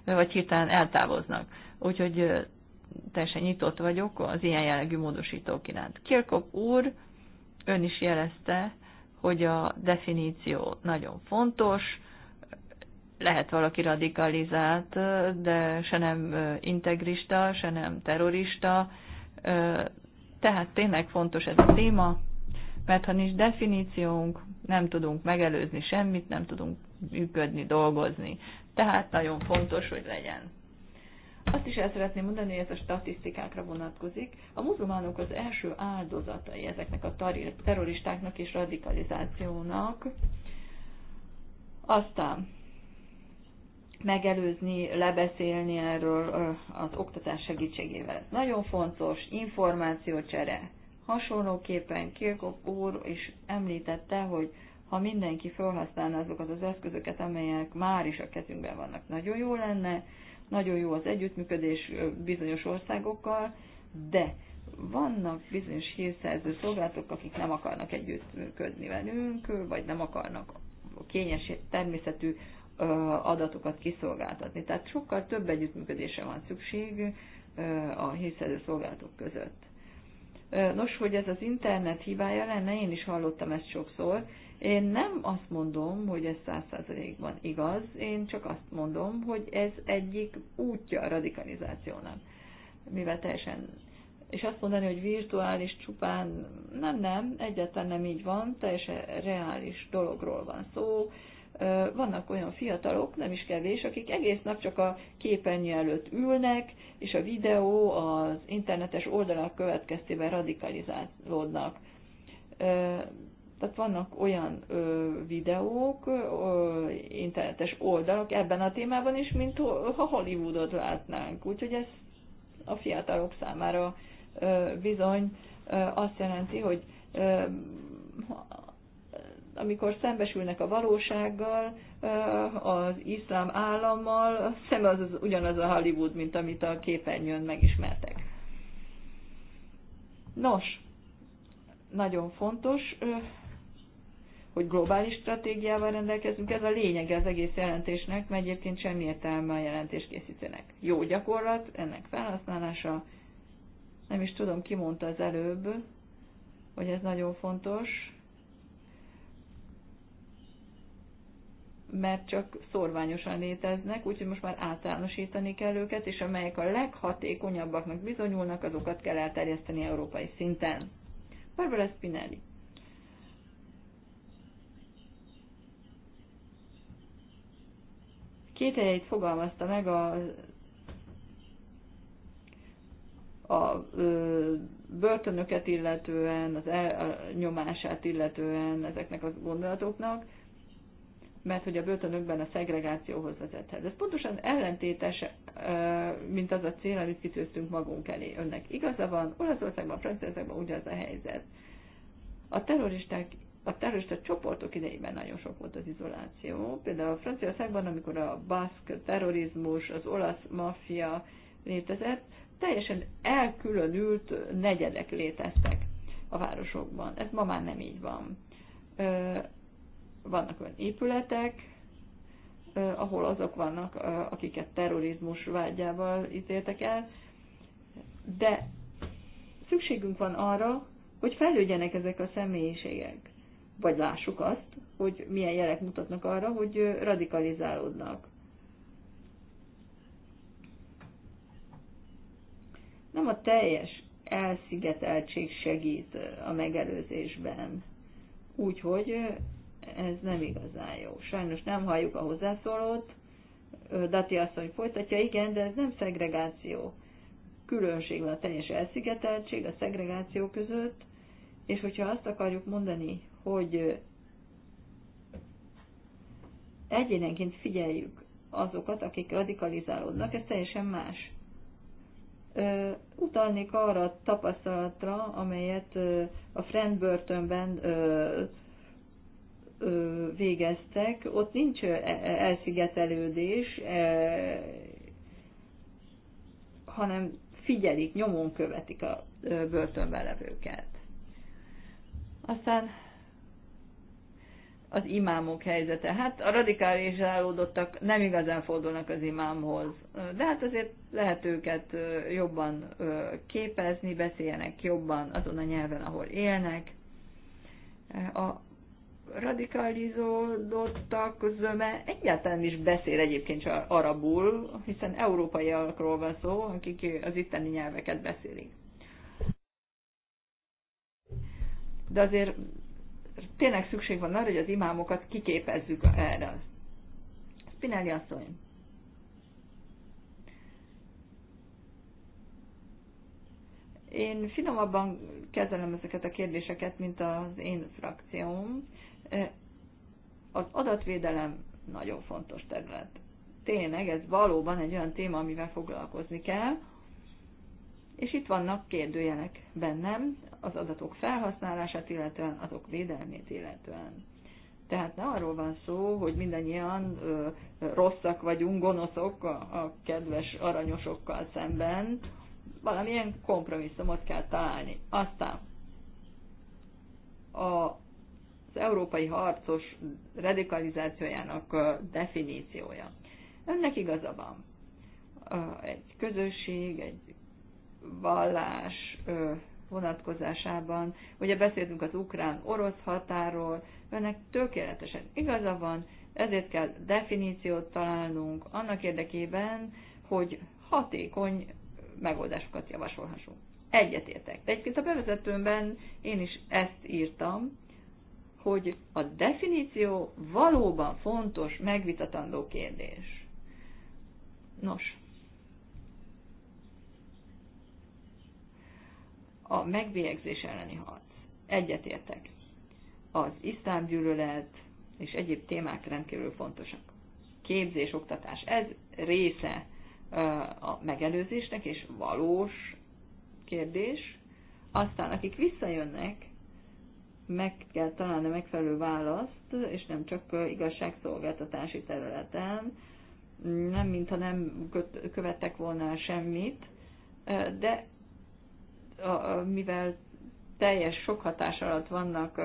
vagy hirtelen eltávoznak. Úgyhogy teljesen nyitott vagyok az ilyen jellegű módosítók iránt. Kirkop úr, ön is jelezte, hogy a definíció nagyon fontos, lehet valaki radikalizált, de se nem integrista, se nem terrorista. Tehát tényleg fontos ez a téma, mert ha nincs definíciónk, nem tudunk megelőzni semmit, nem tudunk működni, dolgozni. Tehát nagyon fontos, hogy legyen. Azt is el szeretném mondani, hogy ez a statisztikákra vonatkozik. A muzulmánok az első áldozatai ezeknek a terroristáknak és radikalizációnak. Aztán megelőzni, lebeszélni erről az oktatás segítségével. Ez nagyon fontos, információcsere. Hasonlóképpen Kirkop úr is említette, hogy ha mindenki felhasználna azokat az eszközöket, amelyek már is a kezünkben vannak, nagyon jó lenne, nagyon jó az együttműködés bizonyos országokkal, de vannak bizonyos hírszerző szolgálatok, akik nem akarnak együttműködni velünk, vagy nem akarnak kényes természetű adatokat kiszolgáltatni. Tehát sokkal több együttműködésre van szükség a hírszerző szolgálatok között. Nos, hogy ez az internet hibája lenne, én is hallottam ezt sokszor, én nem azt mondom, hogy ez száz százalékban igaz, én csak azt mondom, hogy ez egyik útja a radikalizációnak. Mivel teljesen és azt mondani, hogy virtuális csupán, nem, nem, egyáltalán nem így van, teljesen reális dologról van szó. Vannak olyan fiatalok, nem is kevés, akik egész nap csak a képernyő előtt ülnek, és a videó, az internetes oldalak következtében radikalizálódnak. Tehát vannak olyan ö, videók, ö, internetes oldalak ebben a témában is, mint ha Hollywoodot látnánk. Úgyhogy ez a fiatalok számára ö, bizony ö, azt jelenti, hogy ö, amikor szembesülnek a valósággal, az iszlám állammal, szem az, az ugyanaz a Hollywood, mint amit a képernyőn megismertek. Nos, nagyon fontos hogy globális stratégiával rendelkezünk. Ez a lényege az egész jelentésnek, mert egyébként semmi értelme a jelentést készítenek. Jó gyakorlat, ennek felhasználása, nem is tudom, ki mondta az előbb, hogy ez nagyon fontos, mert csak szorványosan léteznek, úgyhogy most már általánosítani kell őket, és amelyek a leghatékonyabbaknak bizonyulnak, azokat kell elterjeszteni európai szinten. Barbara Spinelli. Két helyét fogalmazta meg a, a ö, börtönöket illetően, az elnyomását illetően ezeknek a gondolatoknak, mert hogy a börtönökben a szegregációhoz vezethet. Ez pontosan ellentétes, mint az a cél, amit kitűztünk magunk elé. Önnek igaza van, Olaszországban, Franciaországban ugyanaz a helyzet. A terroristák a terrorista csoportok idejében nagyon sok volt az izoláció. Például Franciaországban, amikor a baszk terrorizmus, az olasz maffia létezett, teljesen elkülönült negyedek léteztek a városokban. Ez ma már nem így van. Vannak olyan épületek, ahol azok vannak, akiket terrorizmus vágyával ítéltek el, de szükségünk van arra, hogy fejlődjenek ezek a személyiségek vagy lássuk azt, hogy milyen jelek mutatnak arra, hogy radikalizálódnak. Nem a teljes elszigeteltség segít a megelőzésben. Úgyhogy ez nem igazán jó. Sajnos nem halljuk a hozzászólót. Dati asszony folytatja, igen, de ez nem szegregáció. Különbség van a teljes elszigeteltség a szegregáció között, és hogyha azt akarjuk mondani, hogy egyénenként figyeljük azokat, akik radikalizálódnak, ez teljesen más. Ö, utalnék arra a tapasztalatra, amelyet ö, a Friend börtönben ö, ö, végeztek. Ott nincs e, e, elszigetelődés, e, hanem figyelik, nyomon követik a börtönben levőket. Aztán az imámok helyzete. Hát a radikálizálódottak nem igazán fordulnak az imámhoz, de hát azért lehet őket jobban képezni, beszéljenek jobban azon a nyelven, ahol élnek. A radikalizódottak zöme egyáltalán is beszél egyébként csak arabul, hiszen európaiakról van szó, akik az itteni nyelveket beszélik. de azért tényleg szükség van arra, hogy az imámokat kiképezzük erre. Spinelli asszony. Én finomabban kezelem ezeket a kérdéseket, mint az én frakcióm. Az adatvédelem nagyon fontos terület. Tényleg, ez valóban egy olyan téma, amivel foglalkozni kell. És itt vannak kérdőjelek bennem, az adatok felhasználását illetően, azok védelmét illetően. Tehát ne arról van szó, hogy mindannyian ö, rosszak vagyunk, gonoszok a, a kedves aranyosokkal szemben, valamilyen kompromisszumot kell találni. Aztán a, az európai harcos radikalizációjának a definíciója. Önnek igaza van. Egy közösség, egy vallás, vonatkozásában. Ugye beszéltünk az ukrán-orosz határól, ennek tökéletesen igaza van, ezért kell definíciót találnunk annak érdekében, hogy hatékony megoldásokat javasolhassunk. Egyetértek. Egyébként a bevezetőmben én is ezt írtam, hogy a definíció valóban fontos, megvitatandó kérdés. Nos, a megbélyegzés elleni harc. Egyetértek. Az iszlám gyűlölet és egyéb témák rendkívül fontosak. Képzés, oktatás, ez része a megelőzésnek, és valós kérdés. Aztán, akik visszajönnek, meg kell találni megfelelő választ, és nem csak igazságszolgáltatási területen, nem mintha nem követtek volna semmit, de mivel teljes sok hatás alatt vannak,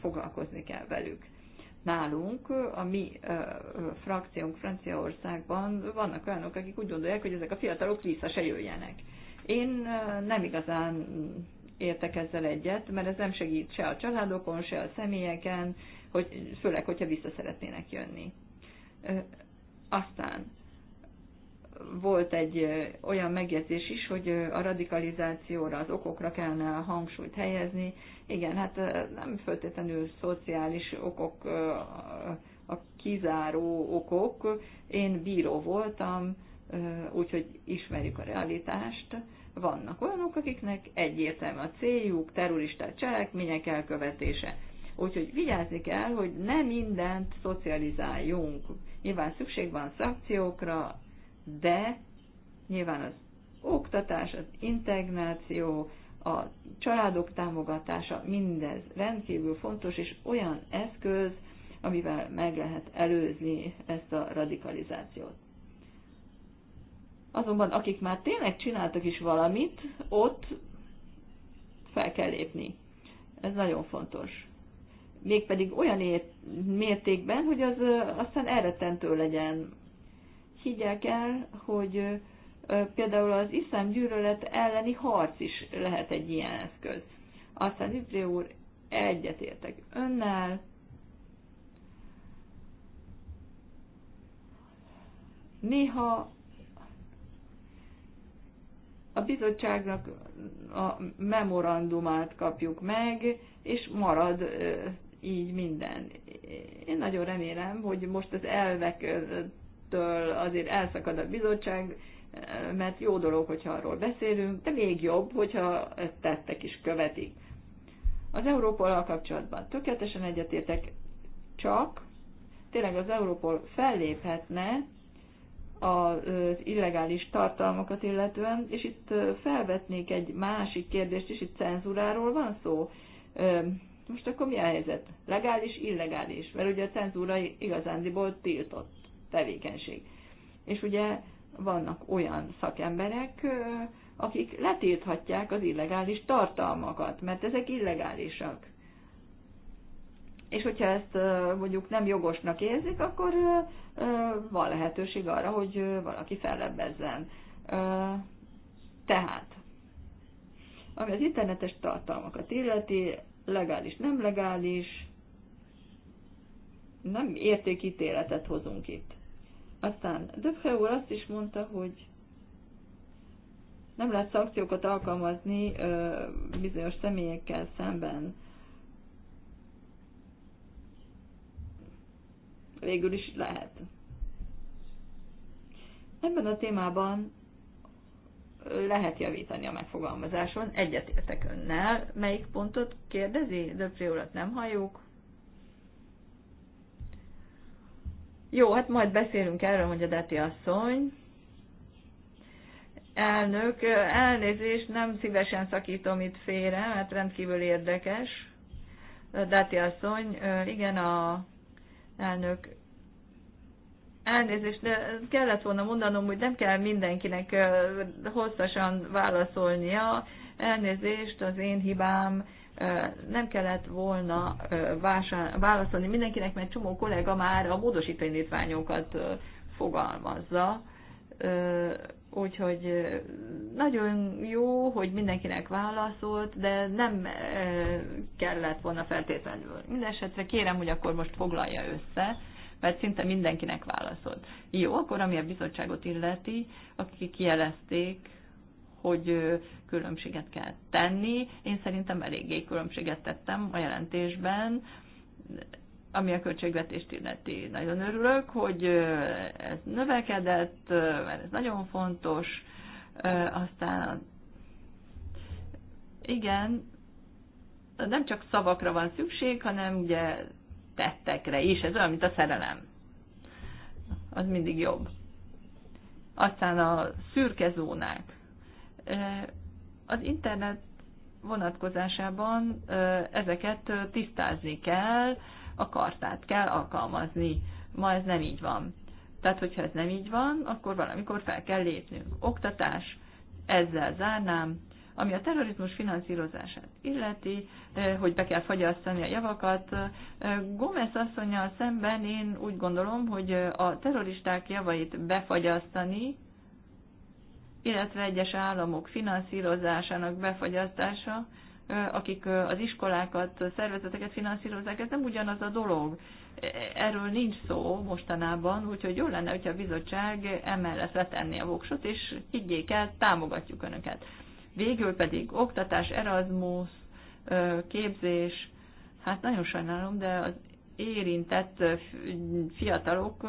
foglalkozni kell velük. Nálunk, a mi frakciónk Franciaországban vannak olyanok, akik úgy gondolják, hogy ezek a fiatalok vissza se jöjjenek. Én nem igazán értek ezzel egyet, mert ez nem segít se a családokon, se a személyeken, hogy, főleg, hogyha vissza szeretnének jönni. Aztán volt egy olyan megjegyzés is, hogy a radikalizációra, az okokra kellene a hangsúlyt helyezni. Igen, hát nem feltétlenül szociális okok a kizáró okok. Én bíró voltam, úgyhogy ismerjük a realitást. Vannak olyanok, akiknek egyértelmű a céljuk, terrorista cselekmények elkövetése. Úgyhogy vigyázni kell, hogy nem mindent szocializáljunk. Nyilván szükség van szakciókra, de nyilván az oktatás, az integráció, a családok támogatása, mindez rendkívül fontos, és olyan eszköz, amivel meg lehet előzni ezt a radikalizációt. Azonban akik már tényleg csináltak is valamit, ott fel kell lépni. Ez nagyon fontos. Mégpedig olyan mértékben, hogy az aztán elrettentő legyen higgyek el, hogy például az iszlám gyűlölet elleni harc is lehet egy ilyen eszköz. Aztán Ibré úr, egyetértek önnel, néha a bizottságnak a memorandumát kapjuk meg, és marad így minden. Én nagyon remélem, hogy most az elvek ettől azért elszakad a bizottság, mert jó dolog, hogyha arról beszélünk, de még jobb, hogyha ezt tettek is követik. Az Európol kapcsolatban tökéletesen egyetértek, csak tényleg az Európol felléphetne az illegális tartalmakat illetően, és itt felvetnék egy másik kérdést is, itt cenzúráról van szó. Most akkor mi a helyzet? Legális, illegális? Mert ugye a cenzúra igazándiból tiltott tevékenység. És ugye vannak olyan szakemberek, akik letilthatják az illegális tartalmakat, mert ezek illegálisak. És hogyha ezt mondjuk nem jogosnak érzik, akkor van lehetőség arra, hogy valaki fellebbezzen. Tehát, ami az internetes tartalmakat illeti, legális, nem legális, nem értékítéletet hozunk itt. Aztán Döbhe úr azt is mondta, hogy nem lehet szankciókat alkalmazni ö, bizonyos személyekkel szemben. Végül is lehet. Ebben a témában lehet javítani a megfogalmazáson. Egyetértek önnel. Melyik pontot kérdezi? Döpré nem halljuk. Jó, hát majd beszélünk erről, mondja Deti asszony. Elnök, elnézést, nem szívesen szakítom itt félre, mert hát rendkívül érdekes. Deti asszony, igen, a elnök elnézést, de kellett volna mondanom, hogy nem kell mindenkinek hosszasan válaszolnia. Elnézést, az én hibám, nem kellett volna válaszolni mindenkinek, mert csomó kollega már a módosító indítványokat fogalmazza, úgyhogy nagyon jó, hogy mindenkinek válaszolt, de nem kellett volna feltétlenül. Mindenesetre kérem, hogy akkor most foglalja össze, mert szinte mindenkinek válaszolt. Jó, akkor ami a bizottságot illeti, akik kijelezték, hogy különbséget kell tenni. Én szerintem eléggé különbséget tettem a jelentésben, ami a költségvetést illeti. Nagyon örülök, hogy ez növekedett, mert ez nagyon fontos. Aztán igen, nem csak szavakra van szükség, hanem ugye tettekre is. Ez olyan, mint a szerelem. Az mindig jobb. Aztán a szürke zónák az internet vonatkozásában ezeket tisztázni kell, a kartát kell alkalmazni. Ma ez nem így van. Tehát, hogyha ez nem így van, akkor valamikor fel kell lépnünk. Oktatás, ezzel zárnám, ami a terrorizmus finanszírozását illeti, hogy be kell fagyasztani a javakat. Gomez asszonyjal szemben én úgy gondolom, hogy a terroristák javait befagyasztani illetve egyes államok finanszírozásának befagyasztása, akik az iskolákat, szervezeteket finanszírozzák, ez nem ugyanaz a dolog. E, erről nincs szó mostanában, úgyhogy jó lenne, hogyha a bizottság emellett letenni a voksot, és higgyék el, támogatjuk Önöket. Végül pedig oktatás, Erasmus, képzés, hát nagyon sajnálom, de az érintett fiatalok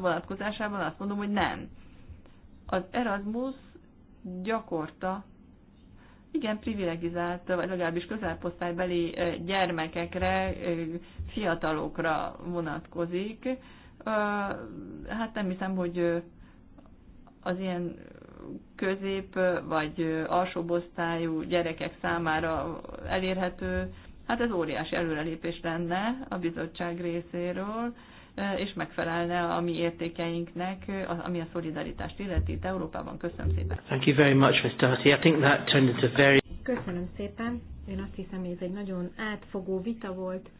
vonatkozásában azt mondom, hogy nem. Az Erasmus gyakorta igen privilegizált, vagy legalábbis közelposztálybeli gyermekekre, fiatalokra vonatkozik. Hát nem hiszem, hogy az ilyen közép vagy alsóbb osztályú gyerekek számára elérhető, hát ez óriási előrelépés lenne a bizottság részéről, Eh, és megfelelne a mi értékeinknek, eh, ami a szolidaritást illeti itt Európában. Köszönöm szépen. Thank you very much, Ms. Darcy. I think that turned into very... Köszönöm szépen. Én azt hiszem, hogy ez egy nagyon átfogó vita volt.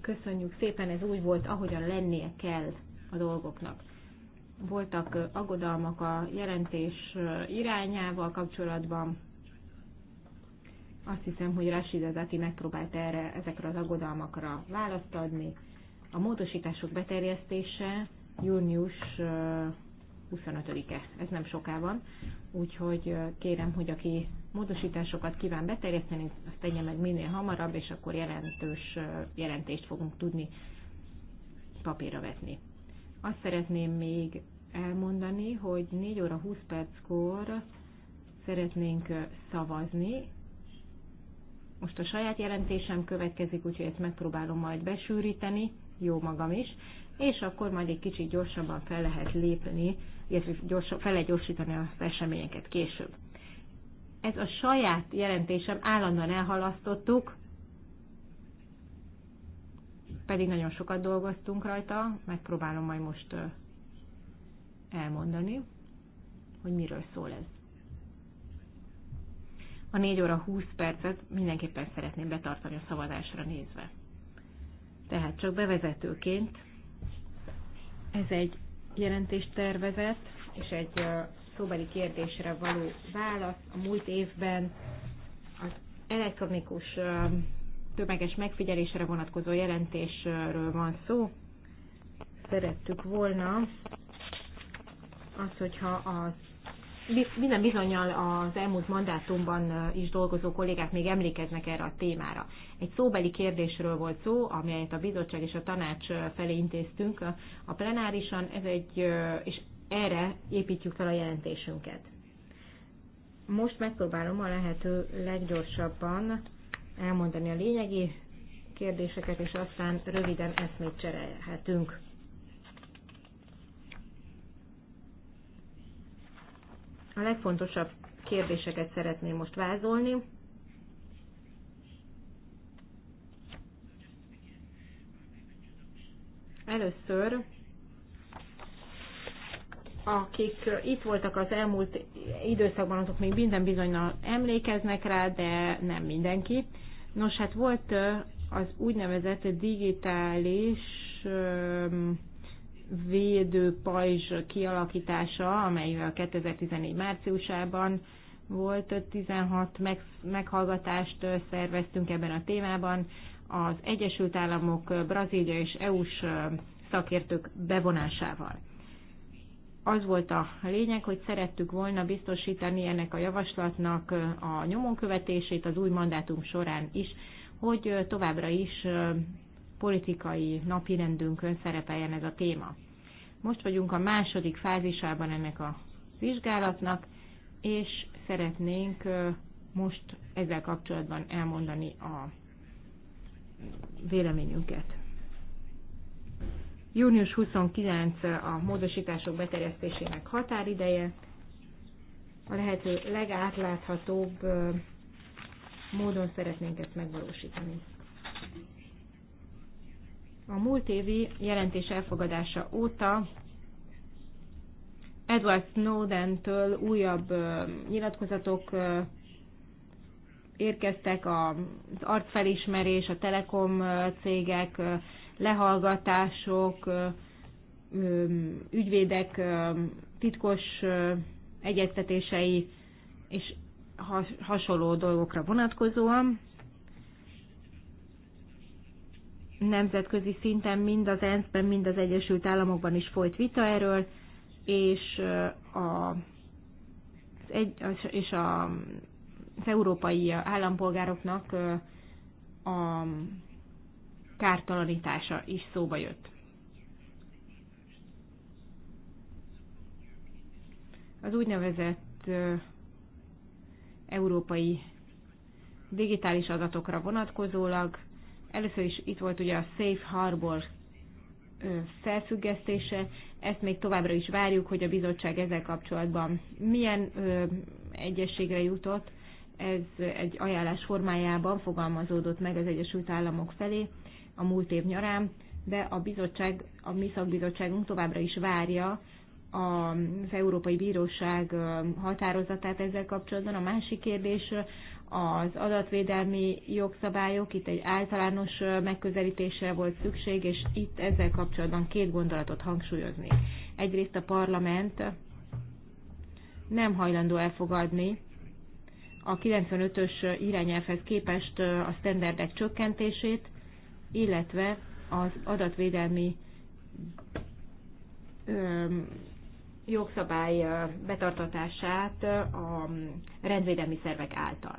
Köszönjük szépen, ez úgy volt, ahogyan lennie kell a dolgoknak. Voltak eh, aggodalmak a jelentés irányával kapcsolatban, azt hiszem, hogy Rashid Azati megpróbált erre, ezekre az aggodalmakra választ adni. A módosítások beterjesztése június 25-e, ez nem soká van, úgyhogy kérem, hogy aki módosításokat kíván beterjeszteni, azt tegye meg minél hamarabb, és akkor jelentős jelentést fogunk tudni papírra vetni. Azt szeretném még elmondani, hogy 4 óra 20 perckor szeretnénk szavazni. Most a saját jelentésem következik, úgyhogy ezt megpróbálom majd besűríteni, jó magam is, és akkor majd egy kicsit gyorsabban fel lehet lépni, illetve gyorsan, fel lehet gyorsítani az eseményeket később. Ez a saját jelentésem állandóan elhalasztottuk, pedig nagyon sokat dolgoztunk rajta, megpróbálom majd most elmondani, hogy miről szól ez. A 4 óra 20 percet mindenképpen szeretném betartani a szavazásra nézve. Tehát csak bevezetőként ez egy jelentéstervezet és egy szóbeli kérdésre való válasz. A múlt évben az elektronikus tömeges megfigyelésre vonatkozó jelentésről van szó. Szerettük volna az, hogyha az minden bizonyal az elmúlt mandátumban is dolgozó kollégák még emlékeznek erre a témára. Egy szóbeli kérdésről volt szó, amelyet a bizottság és a tanács felé intéztünk a plenárisan, ez egy, és erre építjük fel a jelentésünket. Most megpróbálom a lehető leggyorsabban elmondani a lényegi kérdéseket, és aztán röviden eszmét cserélhetünk. A legfontosabb kérdéseket szeretném most vázolni. Először akik itt voltak az elmúlt időszakban, azok még minden bizonyal emlékeznek rá, de nem mindenki. Nos, hát volt az úgynevezett digitális védő pajzs kialakítása, amelyvel 2014 márciusában volt, 16 meghallgatást szerveztünk ebben a témában. Az Egyesült Államok, Brazília és EU-s szakértők bevonásával. Az volt a lényeg, hogy szerettük volna biztosítani ennek a javaslatnak a nyomonkövetését az új mandátum során is, hogy továbbra is politikai napirendünkön szerepeljen ez a téma. Most vagyunk a második fázisában ennek a vizsgálatnak, és szeretnénk most ezzel kapcsolatban elmondani a véleményünket. Június 29 a módosítások beterjesztésének határideje. A lehető legátláthatóbb módon szeretnénk ezt megvalósítani. A múlt évi jelentés elfogadása óta Edward Snowden-től újabb nyilatkozatok érkeztek, az arcfelismerés, a telekom cégek, lehallgatások, ügyvédek titkos egyeztetései és hasonló dolgokra vonatkozóan. nemzetközi szinten, mind az ENSZ-ben, mind az Egyesült Államokban is folyt vita erről, és a, egy, és a, az európai állampolgároknak a kártalanítása is szóba jött. Az úgynevezett európai digitális adatokra vonatkozólag Először is itt volt ugye a Safe Harbor felfüggesztése, ezt még továbbra is várjuk, hogy a bizottság ezzel kapcsolatban milyen egyességre jutott, ez egy ajánlás formájában fogalmazódott meg az Egyesült Államok felé a múlt év nyarán, de a bizottság, a mi szakbizottságunk továbbra is várja az Európai Bíróság határozatát ezzel kapcsolatban. A másik kérdés az adatvédelmi jogszabályok, itt egy általános megközelítésre volt szükség, és itt ezzel kapcsolatban két gondolatot hangsúlyozni: Egyrészt a parlament nem hajlandó elfogadni a 95-ös irányelvhez képest a standardek csökkentését, illetve az adatvédelmi jogszabály betartatását a rendvédelmi szervek által.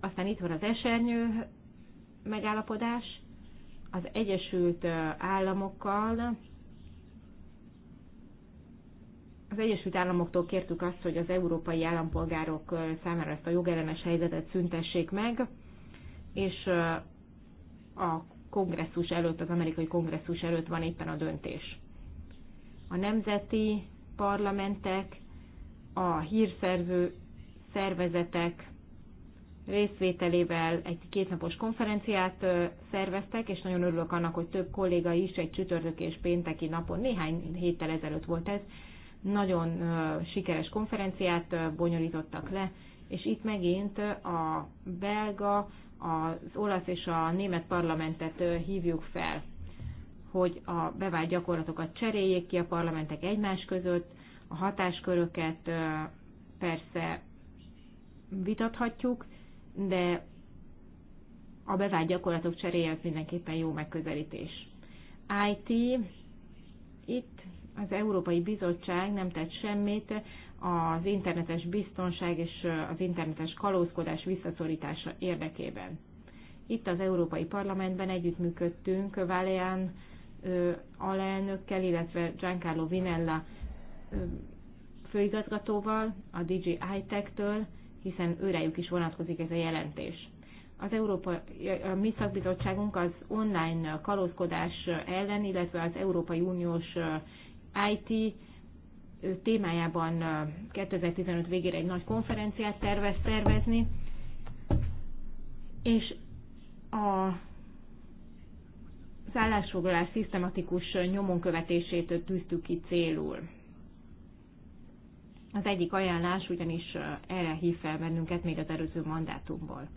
Aztán itt van az esernyő megállapodás, az Egyesült Államokkal, az Egyesült Államoktól kértük azt, hogy az európai állampolgárok számára ezt a jogellenes helyzetet szüntessék meg, és a kongresszus előtt, az amerikai kongresszus előtt van éppen a döntés. A nemzeti parlamentek, a hírszerző szervezetek részvételével egy kétnapos konferenciát szerveztek, és nagyon örülök annak, hogy több kolléga is egy csütörtök és pénteki napon, néhány héttel ezelőtt volt ez, nagyon sikeres konferenciát bonyolítottak le, és itt megint a belga, az olasz és a német parlamentet hívjuk fel, hogy a bevált gyakorlatokat cseréljék ki a parlamentek egymás között, a hatásköröket persze vitathatjuk, de a bevált gyakorlatok cseréje az mindenképpen jó megközelítés. IT, itt az Európai Bizottság nem tett semmit, az internetes biztonság és az internetes kalózkodás visszaszorítása érdekében. Itt az Európai Parlamentben együttműködtünk Valéán alelnökkel, illetve Giancarlo Vinella főigazgatóval, a dji tech től hiszen őrejük is vonatkozik ez a jelentés. Az Európa, a mi szakbizottságunk az online kalózkodás ellen, illetve az Európai Uniós IT témájában 2015 végére egy nagy konferenciát tervez szervezni, és a az állásfoglalás szisztematikus nyomon tűztük ki célul. Az egyik ajánlás ugyanis erre hív fel bennünket még az előző mandátumból.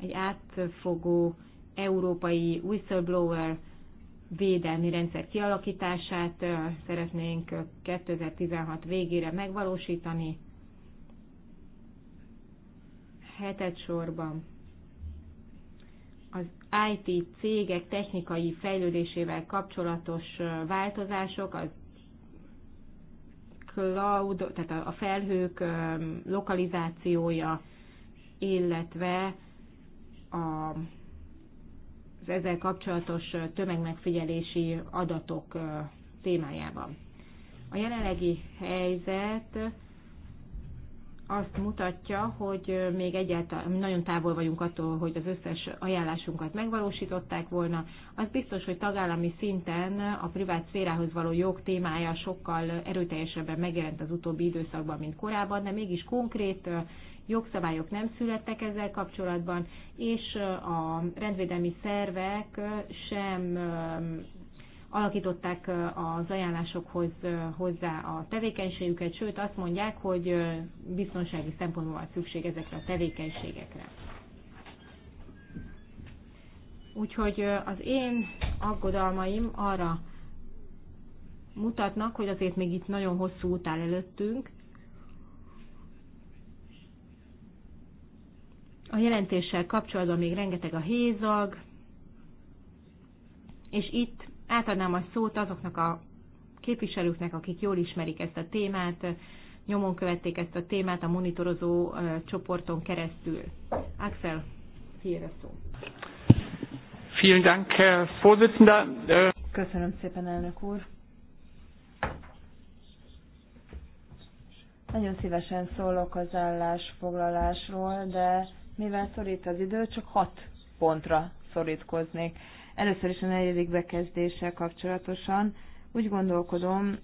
Egy átfogó európai whistleblower védelmi rendszer kialakítását szeretnénk 2016 végére megvalósítani. Hetet sorban az IT cégek technikai fejlődésével kapcsolatos változások, az cloud, tehát a felhők lokalizációja, illetve a, az ezzel kapcsolatos tömegmegfigyelési adatok témájában. A jelenlegi helyzet azt mutatja, hogy még egyáltalán nagyon távol vagyunk attól, hogy az összes ajánlásunkat megvalósították volna. Az biztos, hogy tagállami szinten a privát szférához való jog témája sokkal erőteljesebben megjelent az utóbbi időszakban, mint korábban, de mégis konkrét jogszabályok nem születtek ezzel kapcsolatban, és a rendvédelmi szervek sem alakították az ajánlásokhoz hozzá a tevékenységüket, sőt azt mondják, hogy biztonsági szempontból van szükség ezekre a tevékenységekre. Úgyhogy az én aggodalmaim arra mutatnak, hogy azért még itt nagyon hosszú út áll előttünk. A jelentéssel kapcsolatban még rengeteg a hézag, és itt átadnám a szót azoknak a képviselőknek, akik jól ismerik ezt a témát, nyomon követték ezt a témát a monitorozó csoporton keresztül. Axel, tiéd a szó. Vielen Dank, Vorsitzender. Äh, Köszönöm szépen, elnök úr. Nagyon szívesen szólok az állásfoglalásról, de mivel szorít az idő, csak hat pontra szorítkoznék. Először is a negyedik bekezdéssel kapcsolatosan úgy gondolkodom,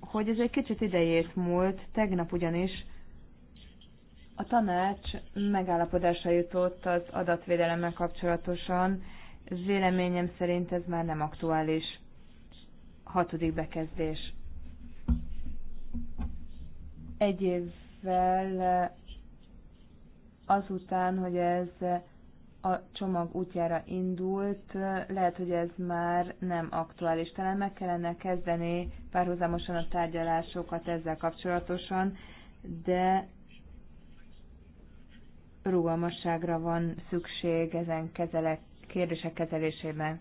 hogy ez egy kicsit idejét múlt, tegnap ugyanis a tanács megállapodásra jutott az adatvédelemmel kapcsolatosan, véleményem szerint ez már nem aktuális. Hatodik bekezdés. Egy évvel azután, hogy ez a csomag útjára indult, lehet, hogy ez már nem aktuális. Talán meg kellene kezdeni párhuzamosan a tárgyalásokat ezzel kapcsolatosan, de rugalmasságra van szükség ezen kezelek, kérdések kezelésében.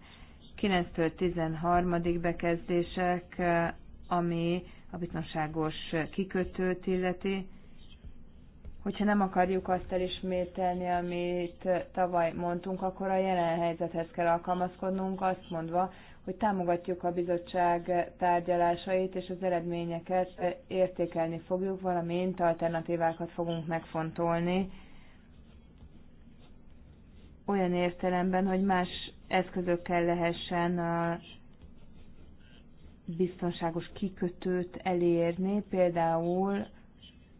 9-től 13. bekezdések, ami a biztonságos kikötőt illeti, hogyha nem akarjuk azt elismételni, amit tavaly mondtunk, akkor a jelen helyzethez kell alkalmazkodnunk, azt mondva, hogy támogatjuk a bizottság tárgyalásait, és az eredményeket értékelni fogjuk, valamint alternatívákat fogunk megfontolni. Olyan értelemben, hogy más eszközökkel lehessen a biztonságos kikötőt elérni, például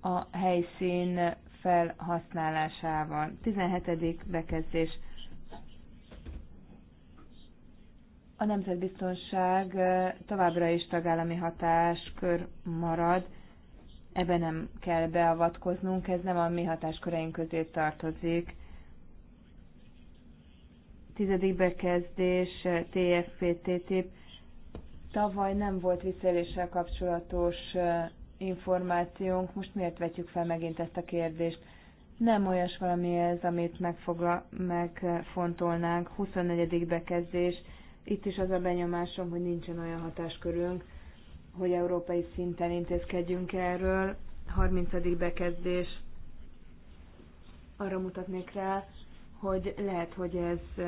a helyszín felhasználásával. 17. bekezdés. A nemzetbiztonság továbbra is tagállami hatáskör marad, Ebben nem kell beavatkoznunk, ez nem a mi hatásköreink közé tartozik. Tizedik bekezdés, TFP, TTIP. Tavaly nem volt visszaéléssel kapcsolatos információnk, most miért vetjük fel megint ezt a kérdést? Nem olyas valami ez, amit megfogla, megfontolnánk. 24. bekezdés. Itt is az a benyomásom, hogy nincsen olyan hatáskörünk, hogy európai szinten intézkedjünk erről. 30. bekezdés. Arra mutatnék rá, hogy lehet, hogy ez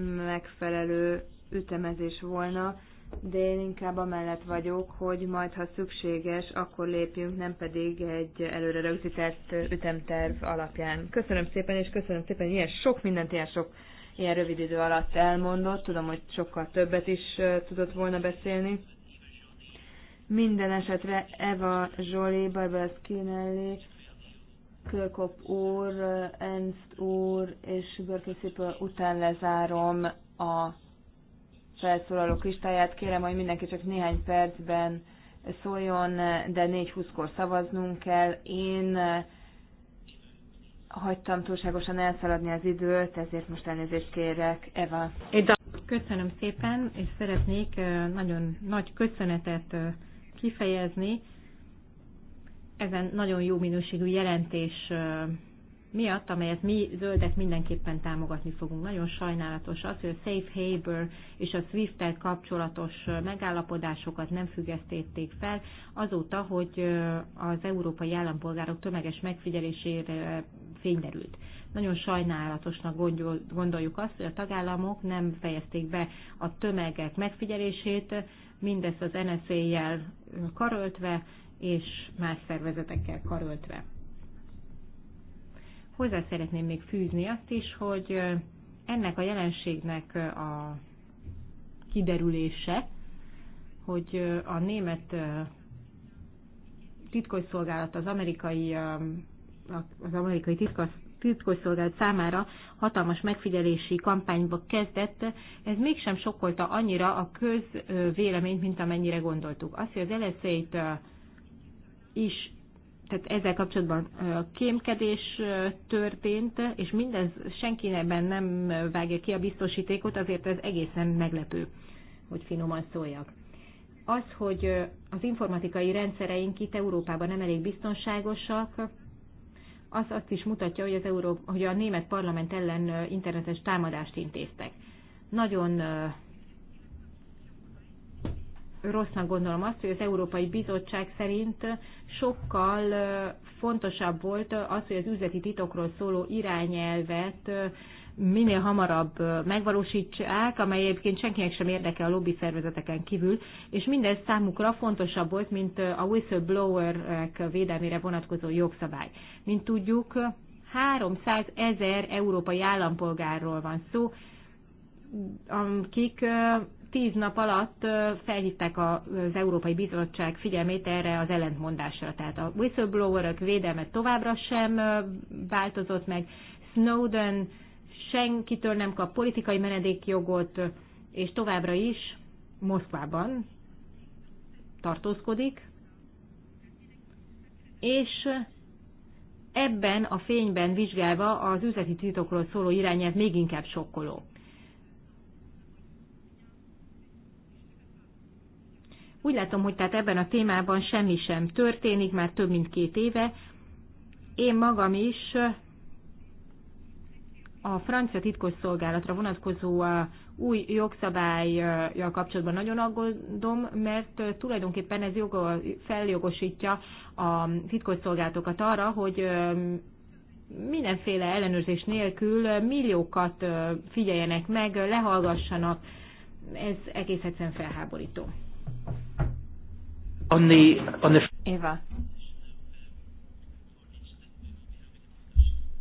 mm, megfelelő ütemezés volna, de én inkább amellett vagyok, hogy majd, ha szükséges, akkor lépjünk, nem pedig egy előre rögzített ütemterv alapján. Köszönöm szépen, és köszönöm szépen, hogy ilyen sok mindent ilyen sok ilyen rövid idő alatt elmondott. Tudom, hogy sokkal többet is tudott volna beszélni. Minden esetre Eva Zsoli, Barbara Skinelli, Kölkop úr, Ernst úr és Börkészipő után lezárom a felszólalók listáját. Kérem, hogy mindenki csak néhány percben szóljon, de 4-20-kor szavaznunk kell. Én eh, hagytam túlságosan elszaladni az időt, ezért most elnézést kérek. Eva. Köszönöm szépen, és szeretnék eh, nagyon nagy köszönetet eh, kifejezni ezen nagyon jó minőségű jelentés miatt, amelyet mi zöldek mindenképpen támogatni fogunk. Nagyon sajnálatos az, hogy a Safe Harbor és a swift kapcsolatos megállapodásokat nem függesztették fel azóta, hogy az európai állampolgárok tömeges megfigyelésére fényderült. Nagyon sajnálatosnak gondoljuk azt, hogy a tagállamok nem fejezték be a tömegek megfigyelését, mindezt az nsa jel karöltve és más szervezetekkel karöltve Hozzá szeretném még fűzni azt is, hogy ennek a jelenségnek a kiderülése, hogy a német titkosszolgálat az amerikai, az amerikai titkosz, titkosszolgálat számára hatalmas megfigyelési kampányba kezdett, ez mégsem sokkolta annyira a közvéleményt, mint amennyire gondoltuk. Az, hogy az lsz is tehát ezzel kapcsolatban kémkedés történt, és mindez senkinekben nem vágja ki a biztosítékot, azért ez egészen meglepő, hogy finoman szóljak. Az, hogy az informatikai rendszereink itt Európában nem elég biztonságosak, az azt is mutatja, hogy, az Euró- hogy a német parlament ellen internetes támadást intéztek. Nagyon rossznak gondolom azt, hogy az Európai Bizottság szerint sokkal fontosabb volt az, hogy az üzleti titokról szóló irányelvet minél hamarabb megvalósítsák, amely egyébként senkinek sem érdeke a lobby szervezeteken kívül, és mindez számukra fontosabb volt, mint a whistleblowerek védelmére vonatkozó jogszabály. Mint tudjuk, 300 ezer európai állampolgárról van szó, akik tíz nap alatt felhívták az Európai Bizottság figyelmét erre az ellentmondásra. Tehát a whistleblowerök védelme továbbra sem változott meg. Snowden senkitől nem kap politikai menedékjogot, és továbbra is Moszkvában tartózkodik, és ebben a fényben vizsgálva az üzleti titokról szóló irányelv még inkább sokkoló. Úgy látom, hogy tehát ebben a témában semmi sem történik, már több mint két éve. Én magam is a francia titkosszolgálatra vonatkozó a új jogszabályjal kapcsolatban nagyon aggódom, mert tulajdonképpen ez joga, feljogosítja a titkosszolgálatokat arra, hogy mindenféle ellenőrzés nélkül milliókat figyeljenek meg, lehallgassanak. Ez egész egyszerűen felháborító on the, on the... Éva.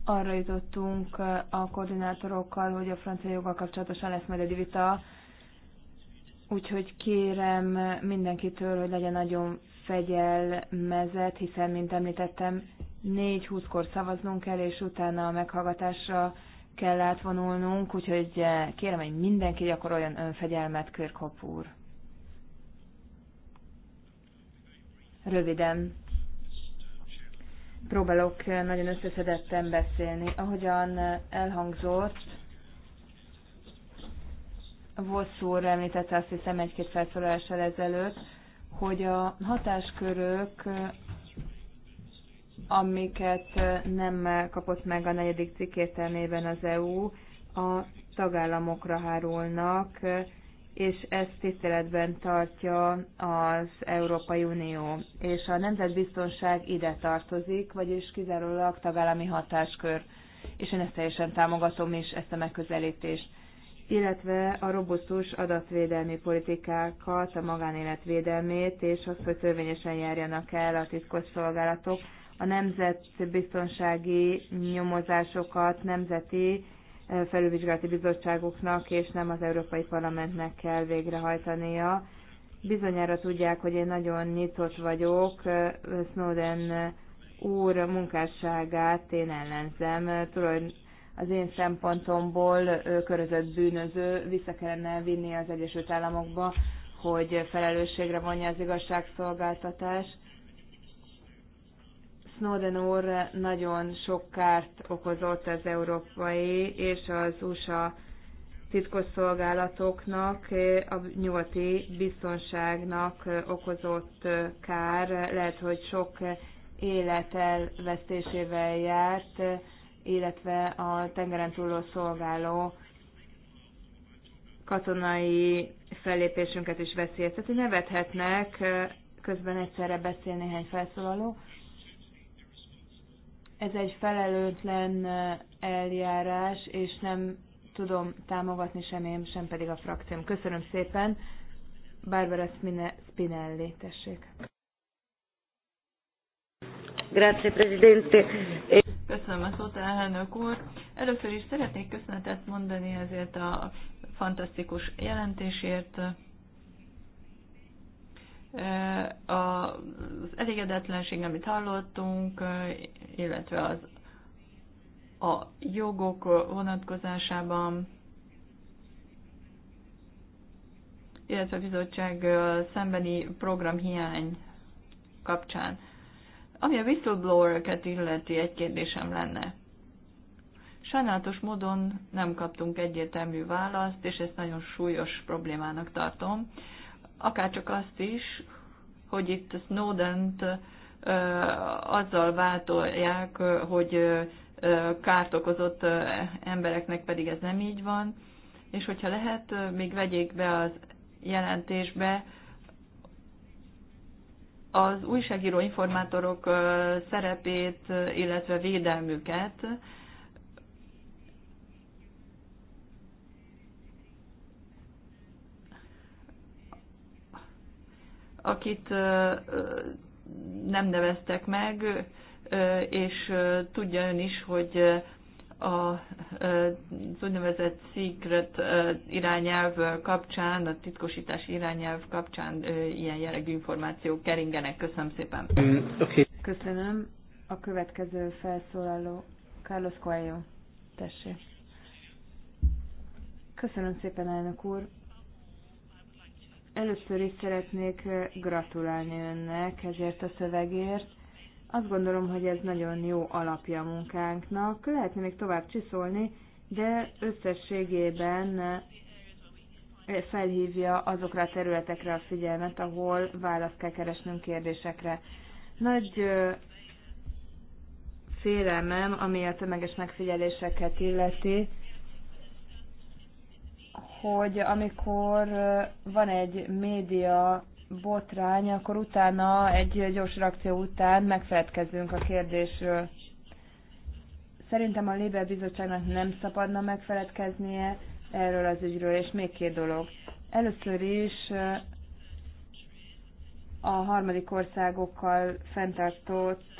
Arra jutottunk uh, a koordinátorokkal, hogy a francia joggal kapcsolatosan lesz majd egy vita, úgyhogy kérem mindenkitől, hogy legyen nagyon fegyelmezett, hiszen, mint említettem, 4-20-kor szavaznunk kell, és utána a meghallgatásra kell átvonulnunk, úgyhogy uh, kérem, hogy mindenki gyakoroljon önfegyelmet, Körkop úr. Röviden. Próbálok nagyon összeszedetten beszélni. Ahogyan elhangzott, Vossz úr említette azt hiszem egy-két felszólalással ezelőtt, hogy a hatáskörök, amiket nem kapott meg a negyedik cikk értelmében az EU, a tagállamokra hárulnak, és ezt tiszteletben tartja az Európai Unió. És a nemzetbiztonság ide tartozik, vagyis kizárólag tagállami hatáskör. És én ezt teljesen támogatom is, ezt a megközelítést illetve a robusztus adatvédelmi politikákat, a magánélet védelmét, és azt, hogy törvényesen járjanak el a titkos szolgálatok, a nemzetbiztonsági nyomozásokat nemzeti felülvizsgálati bizottságoknak és nem az Európai Parlamentnek kell végrehajtania. Bizonyára tudják, hogy én nagyon nyitott vagyok, Snowden úr munkásságát én ellenzem. Tulajdon az én szempontomból körözött bűnöző, vissza kellene vinni az Egyesült Államokba, hogy felelősségre vonja az igazságszolgáltatást. Snowden úr nagyon sok kárt okozott az európai és az USA titkosszolgálatoknak, a nyugati biztonságnak okozott kár, lehet, hogy sok élet elvesztésével járt, illetve a tengeren túló szolgáló katonai fellépésünket is veszélyezteti. Nevethetnek, közben egyszerre beszél néhány felszólaló. Ez egy felelőtlen eljárás, és nem tudom támogatni sem én, sem pedig a frakcióm. Köszönöm szépen. Barbara Spinelli, tessék. Grazie, Presidente. Köszönöm a szót, elnök úr. Először is szeretnék köszönetet mondani ezért a fantasztikus jelentésért, az elégedetlenség, amit hallottunk, illetve az a jogok vonatkozásában, illetve a bizottság szembeni programhiány kapcsán. Ami a whistleblower-ket illeti, egy kérdésem lenne. Sajnálatos módon nem kaptunk egyértelmű választ, és ezt nagyon súlyos problémának tartom akárcsak azt is, hogy itt Snowden-t azzal váltolják, hogy kárt okozott embereknek pedig ez nem így van, és hogyha lehet, még vegyék be az jelentésbe az újságíró informátorok szerepét, illetve védelmüket, akit nem neveztek meg, és tudja ön is, hogy a, az úgynevezett secret irányelv kapcsán, a titkosítás irányelv kapcsán ilyen jellegű információk keringenek. Köszönöm szépen. Mm, okay. Köszönöm. A következő felszólaló Carlos Coelho. Tessék. Köszönöm szépen, elnök úr. Először is szeretnék gratulálni önnek ezért a szövegért. Azt gondolom, hogy ez nagyon jó alapja a munkánknak. Lehetne még tovább csiszolni, de összességében felhívja azokra a területekre a figyelmet, ahol választ kell keresnünk kérdésekre. Nagy félelmem, ami a tömeges megfigyeléseket illeti, hogy amikor van egy média botrány, akkor utána egy gyors reakció után megfeledkezünk a kérdésről. Szerintem a Libe Bizottságnak nem szabadna megfeledkeznie erről az ügyről, és még két dolog. Először is a harmadik országokkal fenntartott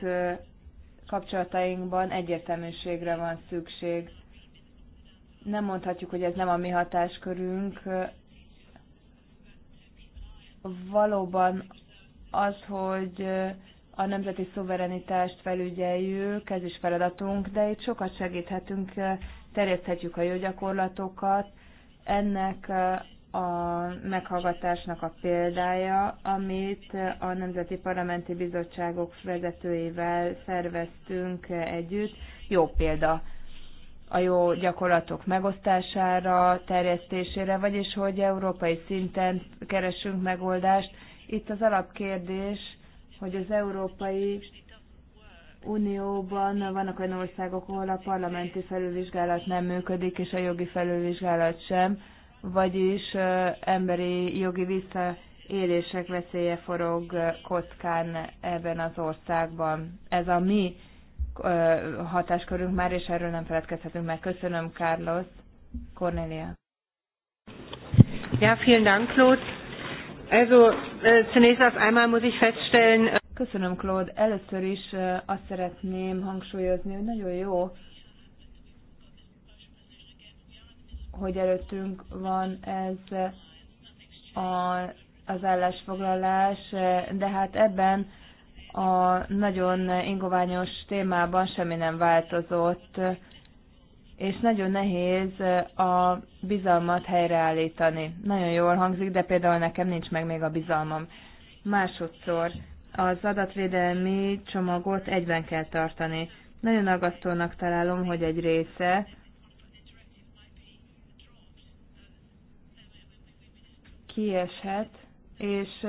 kapcsolatainkban egyértelműségre van szükség nem mondhatjuk, hogy ez nem a mi hatáskörünk. Valóban az, hogy a nemzeti szuverenitást felügyeljük, ez is feladatunk, de itt sokat segíthetünk, terjeszthetjük a jó gyakorlatokat. Ennek a meghallgatásnak a példája, amit a Nemzeti Parlamenti Bizottságok vezetőivel szerveztünk együtt. Jó példa a jó gyakorlatok megosztására, terjesztésére, vagyis hogy európai szinten keresünk megoldást. Itt az alapkérdés, hogy az Európai Unióban vannak olyan országok, ahol a parlamenti felülvizsgálat nem működik, és a jogi felülvizsgálat sem, vagyis emberi jogi visszaélések veszélye forog kockán ebben az országban. Ez a mi hatáskörünk már, és erről nem feledkezhetünk meg. Köszönöm, Carlos. Cornelia. Ja, vielen Dank, Claude. Also, äh, zunächst erst einmal muss ich feststellen. Äh, Köszönöm, Claude. Először is azt szeretném hangsúlyozni, hogy nagyon jó, hogy előttünk van ez a, az állásfoglalás, de hát ebben a nagyon ingoványos témában semmi nem változott, és nagyon nehéz a bizalmat helyreállítani. Nagyon jól hangzik, de például nekem nincs meg még a bizalmam. Másodszor, az adatvédelmi csomagot egyben kell tartani. Nagyon aggasztónak találom, hogy egy része kieshet, és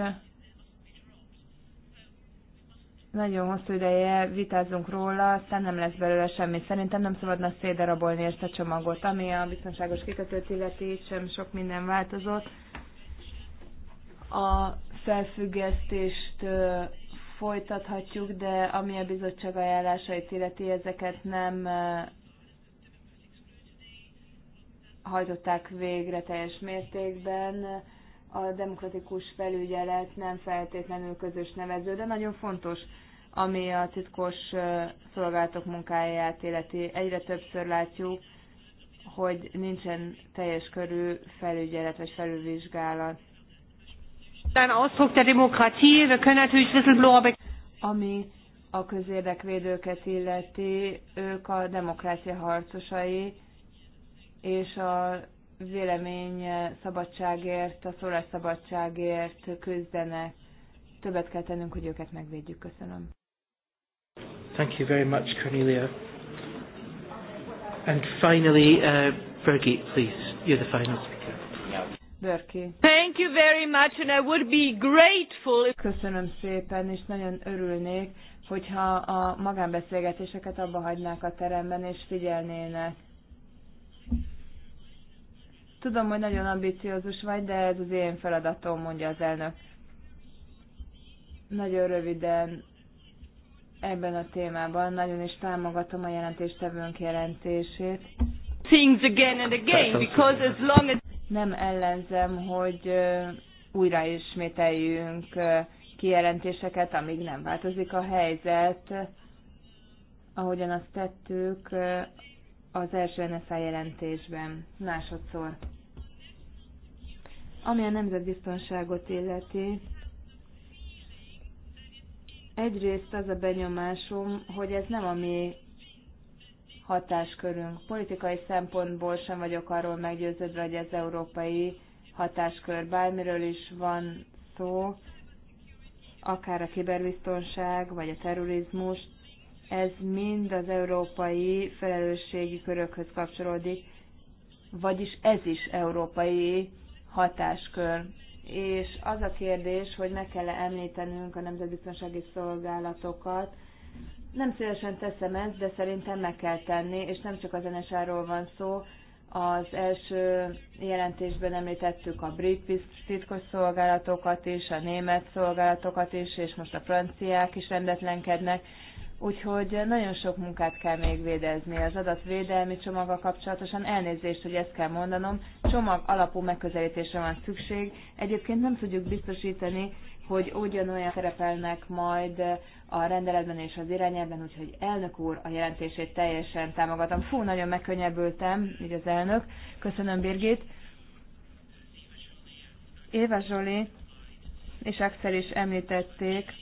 nagyon hosszú ideje vitázunk róla, aztán nem lesz belőle semmi. Szerintem nem szabadna szédarabolni ezt a csomagot, ami a biztonságos kikötőt illeti, sem sok minden változott. A felfüggesztést folytathatjuk, de ami a bizottság ajánlásait illeti, ezeket nem hajtották végre teljes mértékben a demokratikus felügyelet nem feltétlenül közös nevező, de nagyon fontos, ami a titkos szolgálatok munkáját életi. Egyre többször látjuk, hogy nincsen teljes körű felügyelet vagy felülvizsgálat. Ami a közérdekvédőket illeti, ők a demokrácia harcosai, és a vélemény szabadságért, a szabadságért küzdenek. Többet kell tennünk, hogy őket megvédjük. Köszönöm. Thank you very much, Cornelia. And finally, uh, Birgit, please, you're the final speaker. Berki. Thank you very much, and I would be grateful. Köszönöm szépen, és nagyon örülnék, hogyha a magánbeszélgetéseket abba hagynák a teremben, és figyelnének Tudom, hogy nagyon ambiciózus vagy, de ez az én feladatom, mondja az elnök. Nagyon röviden ebben a témában nagyon is támogatom a jelentéstevőnk jelentését. Things again and again, because as long as... Nem ellenzem, hogy újra ismételjünk kijelentéseket, amíg nem változik a helyzet, ahogyan azt tettük az első NSA jelentésben másodszor. Ami a nemzetbiztonságot illeti, egyrészt az a benyomásom, hogy ez nem a mi hatáskörünk. Politikai szempontból sem vagyok arról meggyőződve, hogy ez európai hatáskör. Bármiről is van szó, akár a kiberbiztonság, vagy a terrorizmus, ez mind az európai felelősségi körökhöz kapcsolódik, vagyis ez is európai hatáskör. És az a kérdés, hogy meg kell -e említenünk a nemzetbiztonsági szolgálatokat, nem szívesen teszem ezt, de szerintem meg kell tenni, és nem csak az NSA-ról van szó. Az első jelentésben említettük a brit titkos szolgálatokat is, a német szolgálatokat is, és most a franciák is rendetlenkednek. Úgyhogy nagyon sok munkát kell még védezni az adatvédelmi csomaga kapcsolatosan. Elnézést, hogy ezt kell mondanom. Csomag alapú megközelítésre van szükség. Egyébként nem tudjuk biztosítani, hogy ugyanolyan szerepelnek majd a rendeletben és az irányelben, úgyhogy elnök úr a jelentését teljesen támogatom. Fú, nagyon megkönnyebbültem, így az elnök. Köszönöm, Birgit. Éva Zsoli és Axel is említették,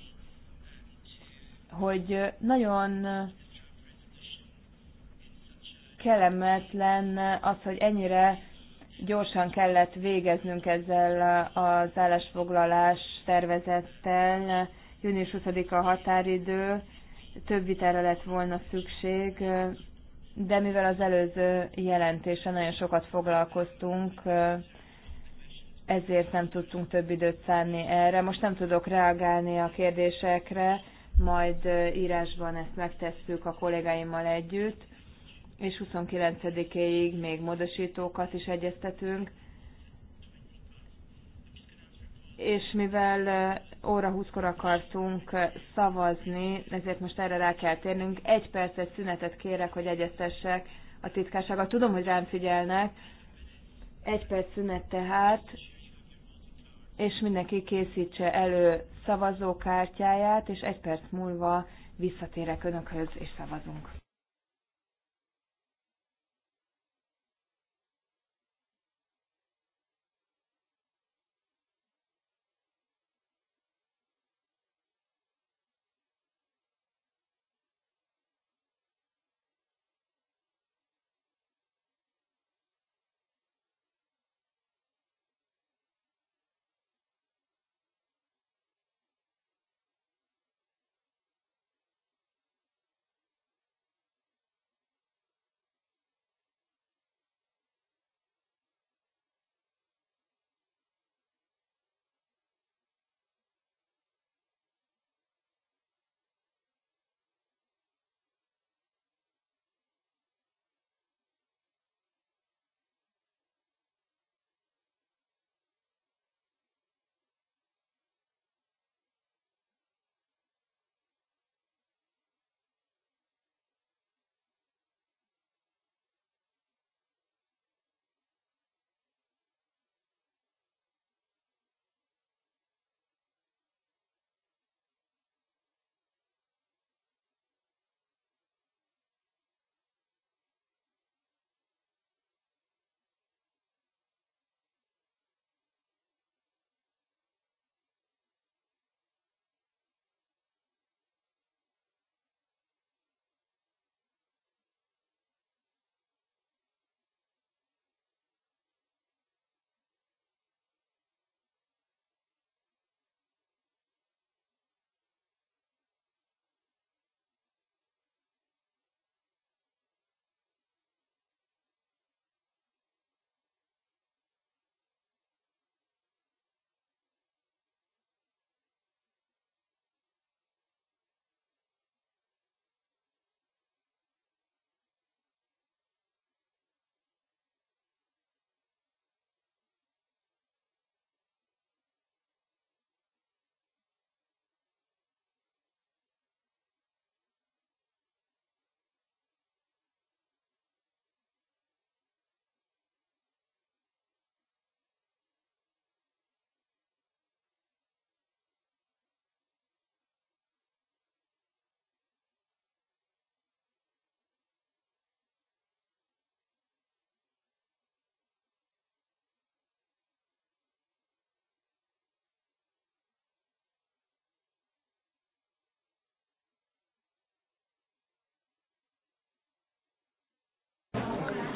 hogy nagyon kellemetlen az, hogy ennyire gyorsan kellett végeznünk ezzel az állásfoglalás tervezettel. Június 20-a határidő, több vitára lett volna szükség, de mivel az előző jelentése nagyon sokat foglalkoztunk, ezért nem tudtunk több időt szánni erre. Most nem tudok reagálni a kérdésekre, majd írásban ezt megtesszük a kollégáimmal együtt, és 29-éig még módosítókat is egyeztetünk. És mivel óra 20-kor akartunk szavazni, ezért most erre rá kell térnünk. Egy percet szünetet kérek, hogy egyeztessek a titkársággal. Tudom, hogy rám figyelnek. Egy perc szünet tehát, és mindenki készítse elő szavazókártyáját, és egy perc múlva visszatérek Önökhöz, és szavazunk.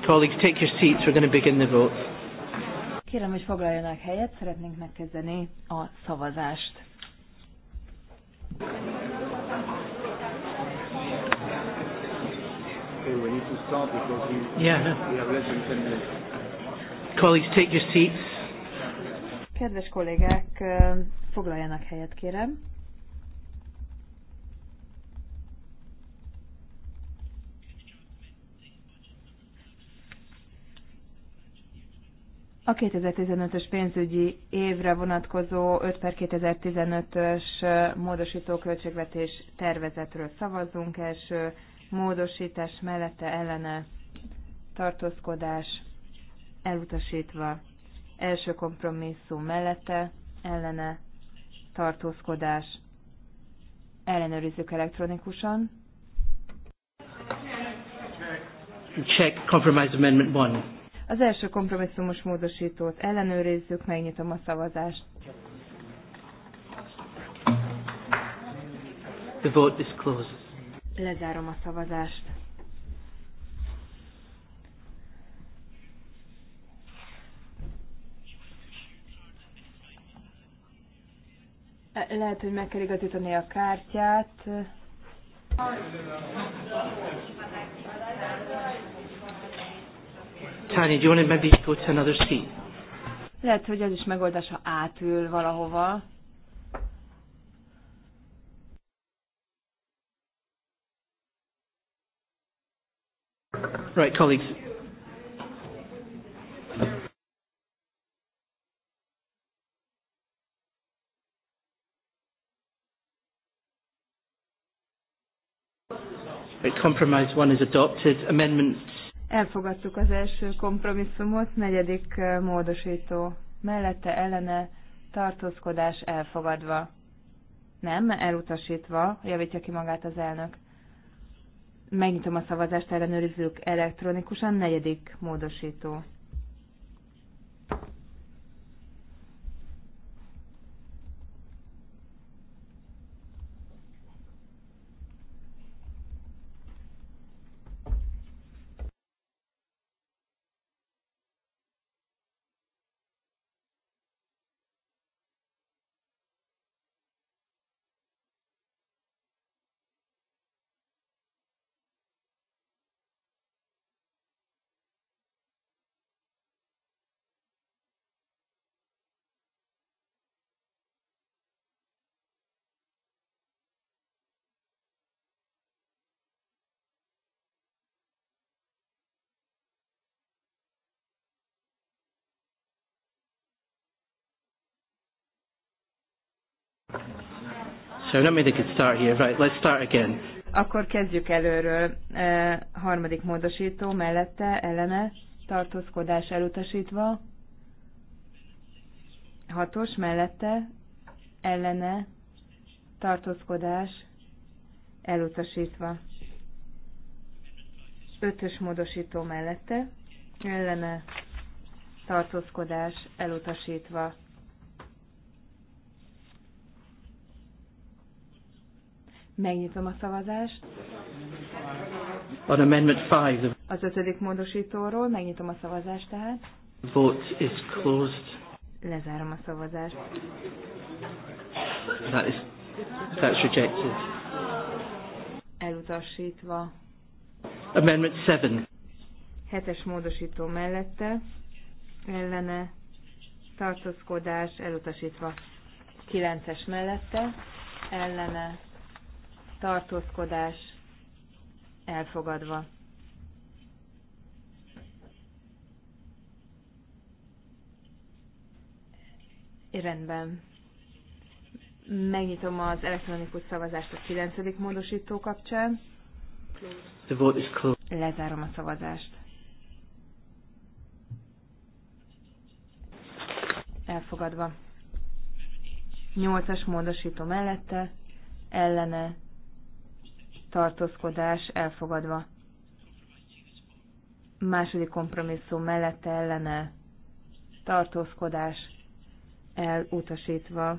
Colleagues, take your seats. We're going to begin the vote. Kérem, hogy foglaljanak helyet, szeretnénk megkezdeni a szavazást. Colleagues, take your seats. Kedves kollégák, foglaljanak helyet, kérem. A 2015-ös pénzügyi évre vonatkozó 5 per 2015-ös módosító költségvetés tervezetről szavazunk. Első módosítás mellette ellene tartózkodás elutasítva. Első kompromisszum mellette ellene tartózkodás. Ellenőrizzük elektronikusan. Check compromise amendment one. Az első kompromisszumos módosítót ellenőrizzük, megnyitom a szavazást. The vote is closed. Lezárom a szavazást. E, lehet, hogy meg kell igazítani a kártyát. Tanya, do you want to maybe go to another seat? Lehet, hogy az is megoldás, ha átül valahova. Right, colleagues. Right, compromise one is adopted. Amendment Elfogadtuk az első kompromisszumot, negyedik módosító. Mellette ellene tartózkodás elfogadva. Nem, elutasítva, javítja ki magát az elnök. Megnyitom a szavazást, ellenőrizzük elektronikusan, negyedik módosító. So not many could start here. Right, let's start again. Akkor kezdjük előről. E, harmadik módosító mellette ellene tartózkodás elutasítva. Hatos mellette ellene tartózkodás elutasítva. Ötös módosító mellette ellene tartózkodás elutasítva Megnyitom a szavazást. On amendment five. Az ötödik módosítóról megnyitom a szavazást tehát. Vote is closed. Lezárom a szavazást. That is, that's rejected. Elutasítva. Amendment 7. Hetes módosító mellette. Ellene. Tartózkodás elutasítva. Kilences mellette. Ellene tartózkodás elfogadva. Rendben. Megnyitom az elektronikus szavazást a 9. módosító kapcsán. The vote is closed. Lezárom a szavazást. Elfogadva. 8-as módosító mellette, ellene tartózkodás elfogadva. Második kompromisszum mellette ellene tartózkodás elutasítva.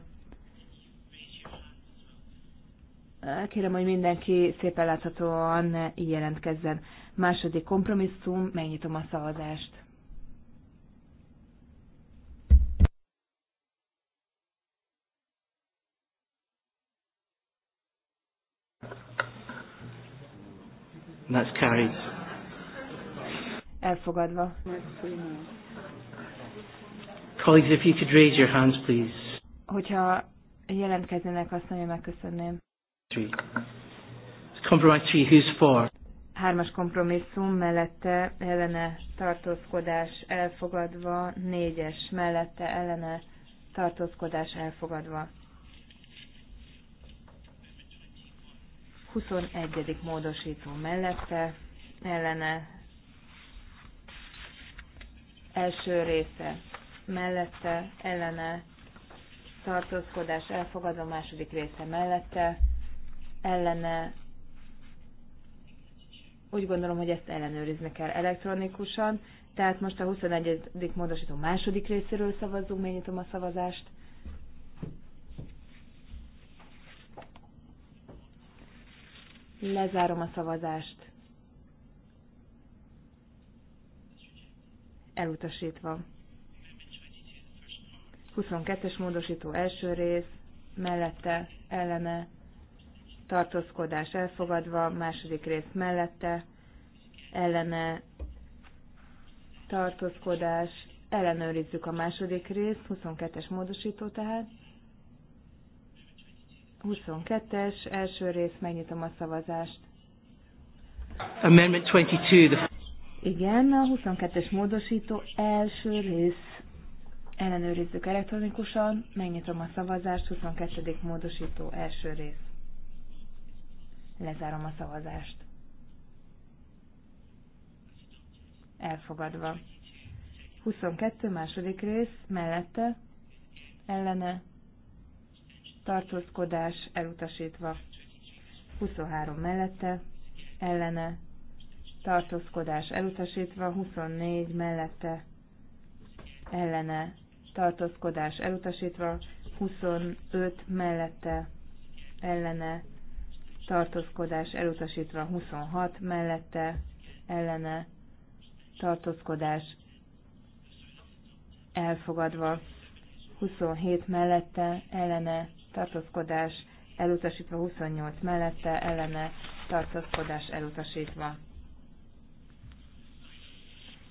Kérem, hogy mindenki szépen láthatóan jelentkezzen. Második kompromisszum, megnyitom a szavazást. That's carried. Elfogadva. Colleagues, if you could raise your hands, please. Hogyha jelentkeznének, azt nagyon megköszönném. Three. Compromise three, who's for? Hármas kompromisszum mellette ellene tartózkodás elfogadva, négyes mellette ellene tartózkodás elfogadva. 21. módosító mellette ellene első része mellette ellene tartózkodás elfogadva második része mellette ellene úgy gondolom, hogy ezt ellenőrizni kell elektronikusan, tehát most a 21. módosító második részéről szavazzunk, megnyitom a szavazást. Lezárom a szavazást. Elutasítva. 22-es módosító első rész, mellette, ellene, tartózkodás elfogadva, második rész mellette, ellene, tartózkodás, ellenőrizzük a második részt, 22-es módosító tehát. 22-es első rész, megnyitom a szavazást. Amendment 22. The... Igen, a 22-es módosító első rész. Ellenőrizzük elektronikusan, megnyitom a szavazást, 22. módosító első rész. Lezárom a szavazást. Elfogadva. 22. második rész, mellette, ellene, tartózkodás elutasítva. 23 mellette, ellene, tartózkodás elutasítva, 24 mellette, ellene, tartózkodás elutasítva, 25 mellette, ellene, tartózkodás elutasítva, 26 mellette, ellene, tartózkodás elfogadva, 27 mellette, ellene, tartózkodás elutasítva 28 mellette, ellene tartózkodás elutasítva.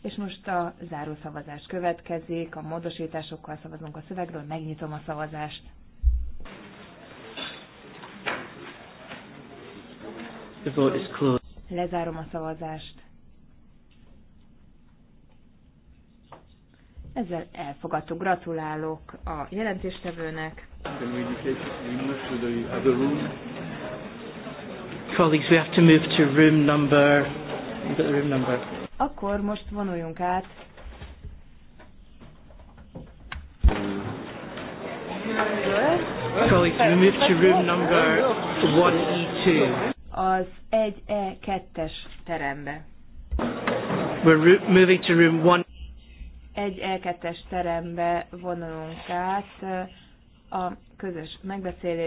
És most a záró szavazás következik, a módosításokkal szavazunk a szövegről, megnyitom a szavazást. The vote is closed. Lezárom a szavazást. Ezzel elfogadtuk. Gratulálok a jelentéstevőnek. Can we indicate the other room? Colleagues, we have to move to room number. We've got the room number. Akkor most vonuljunk át. Colleagues, we move to room number 1E2. E Az 1E2-es e terembe. We're moving to room 1 e 1E2-es 2 1 terembe vonulunk át, a közös megbeszélés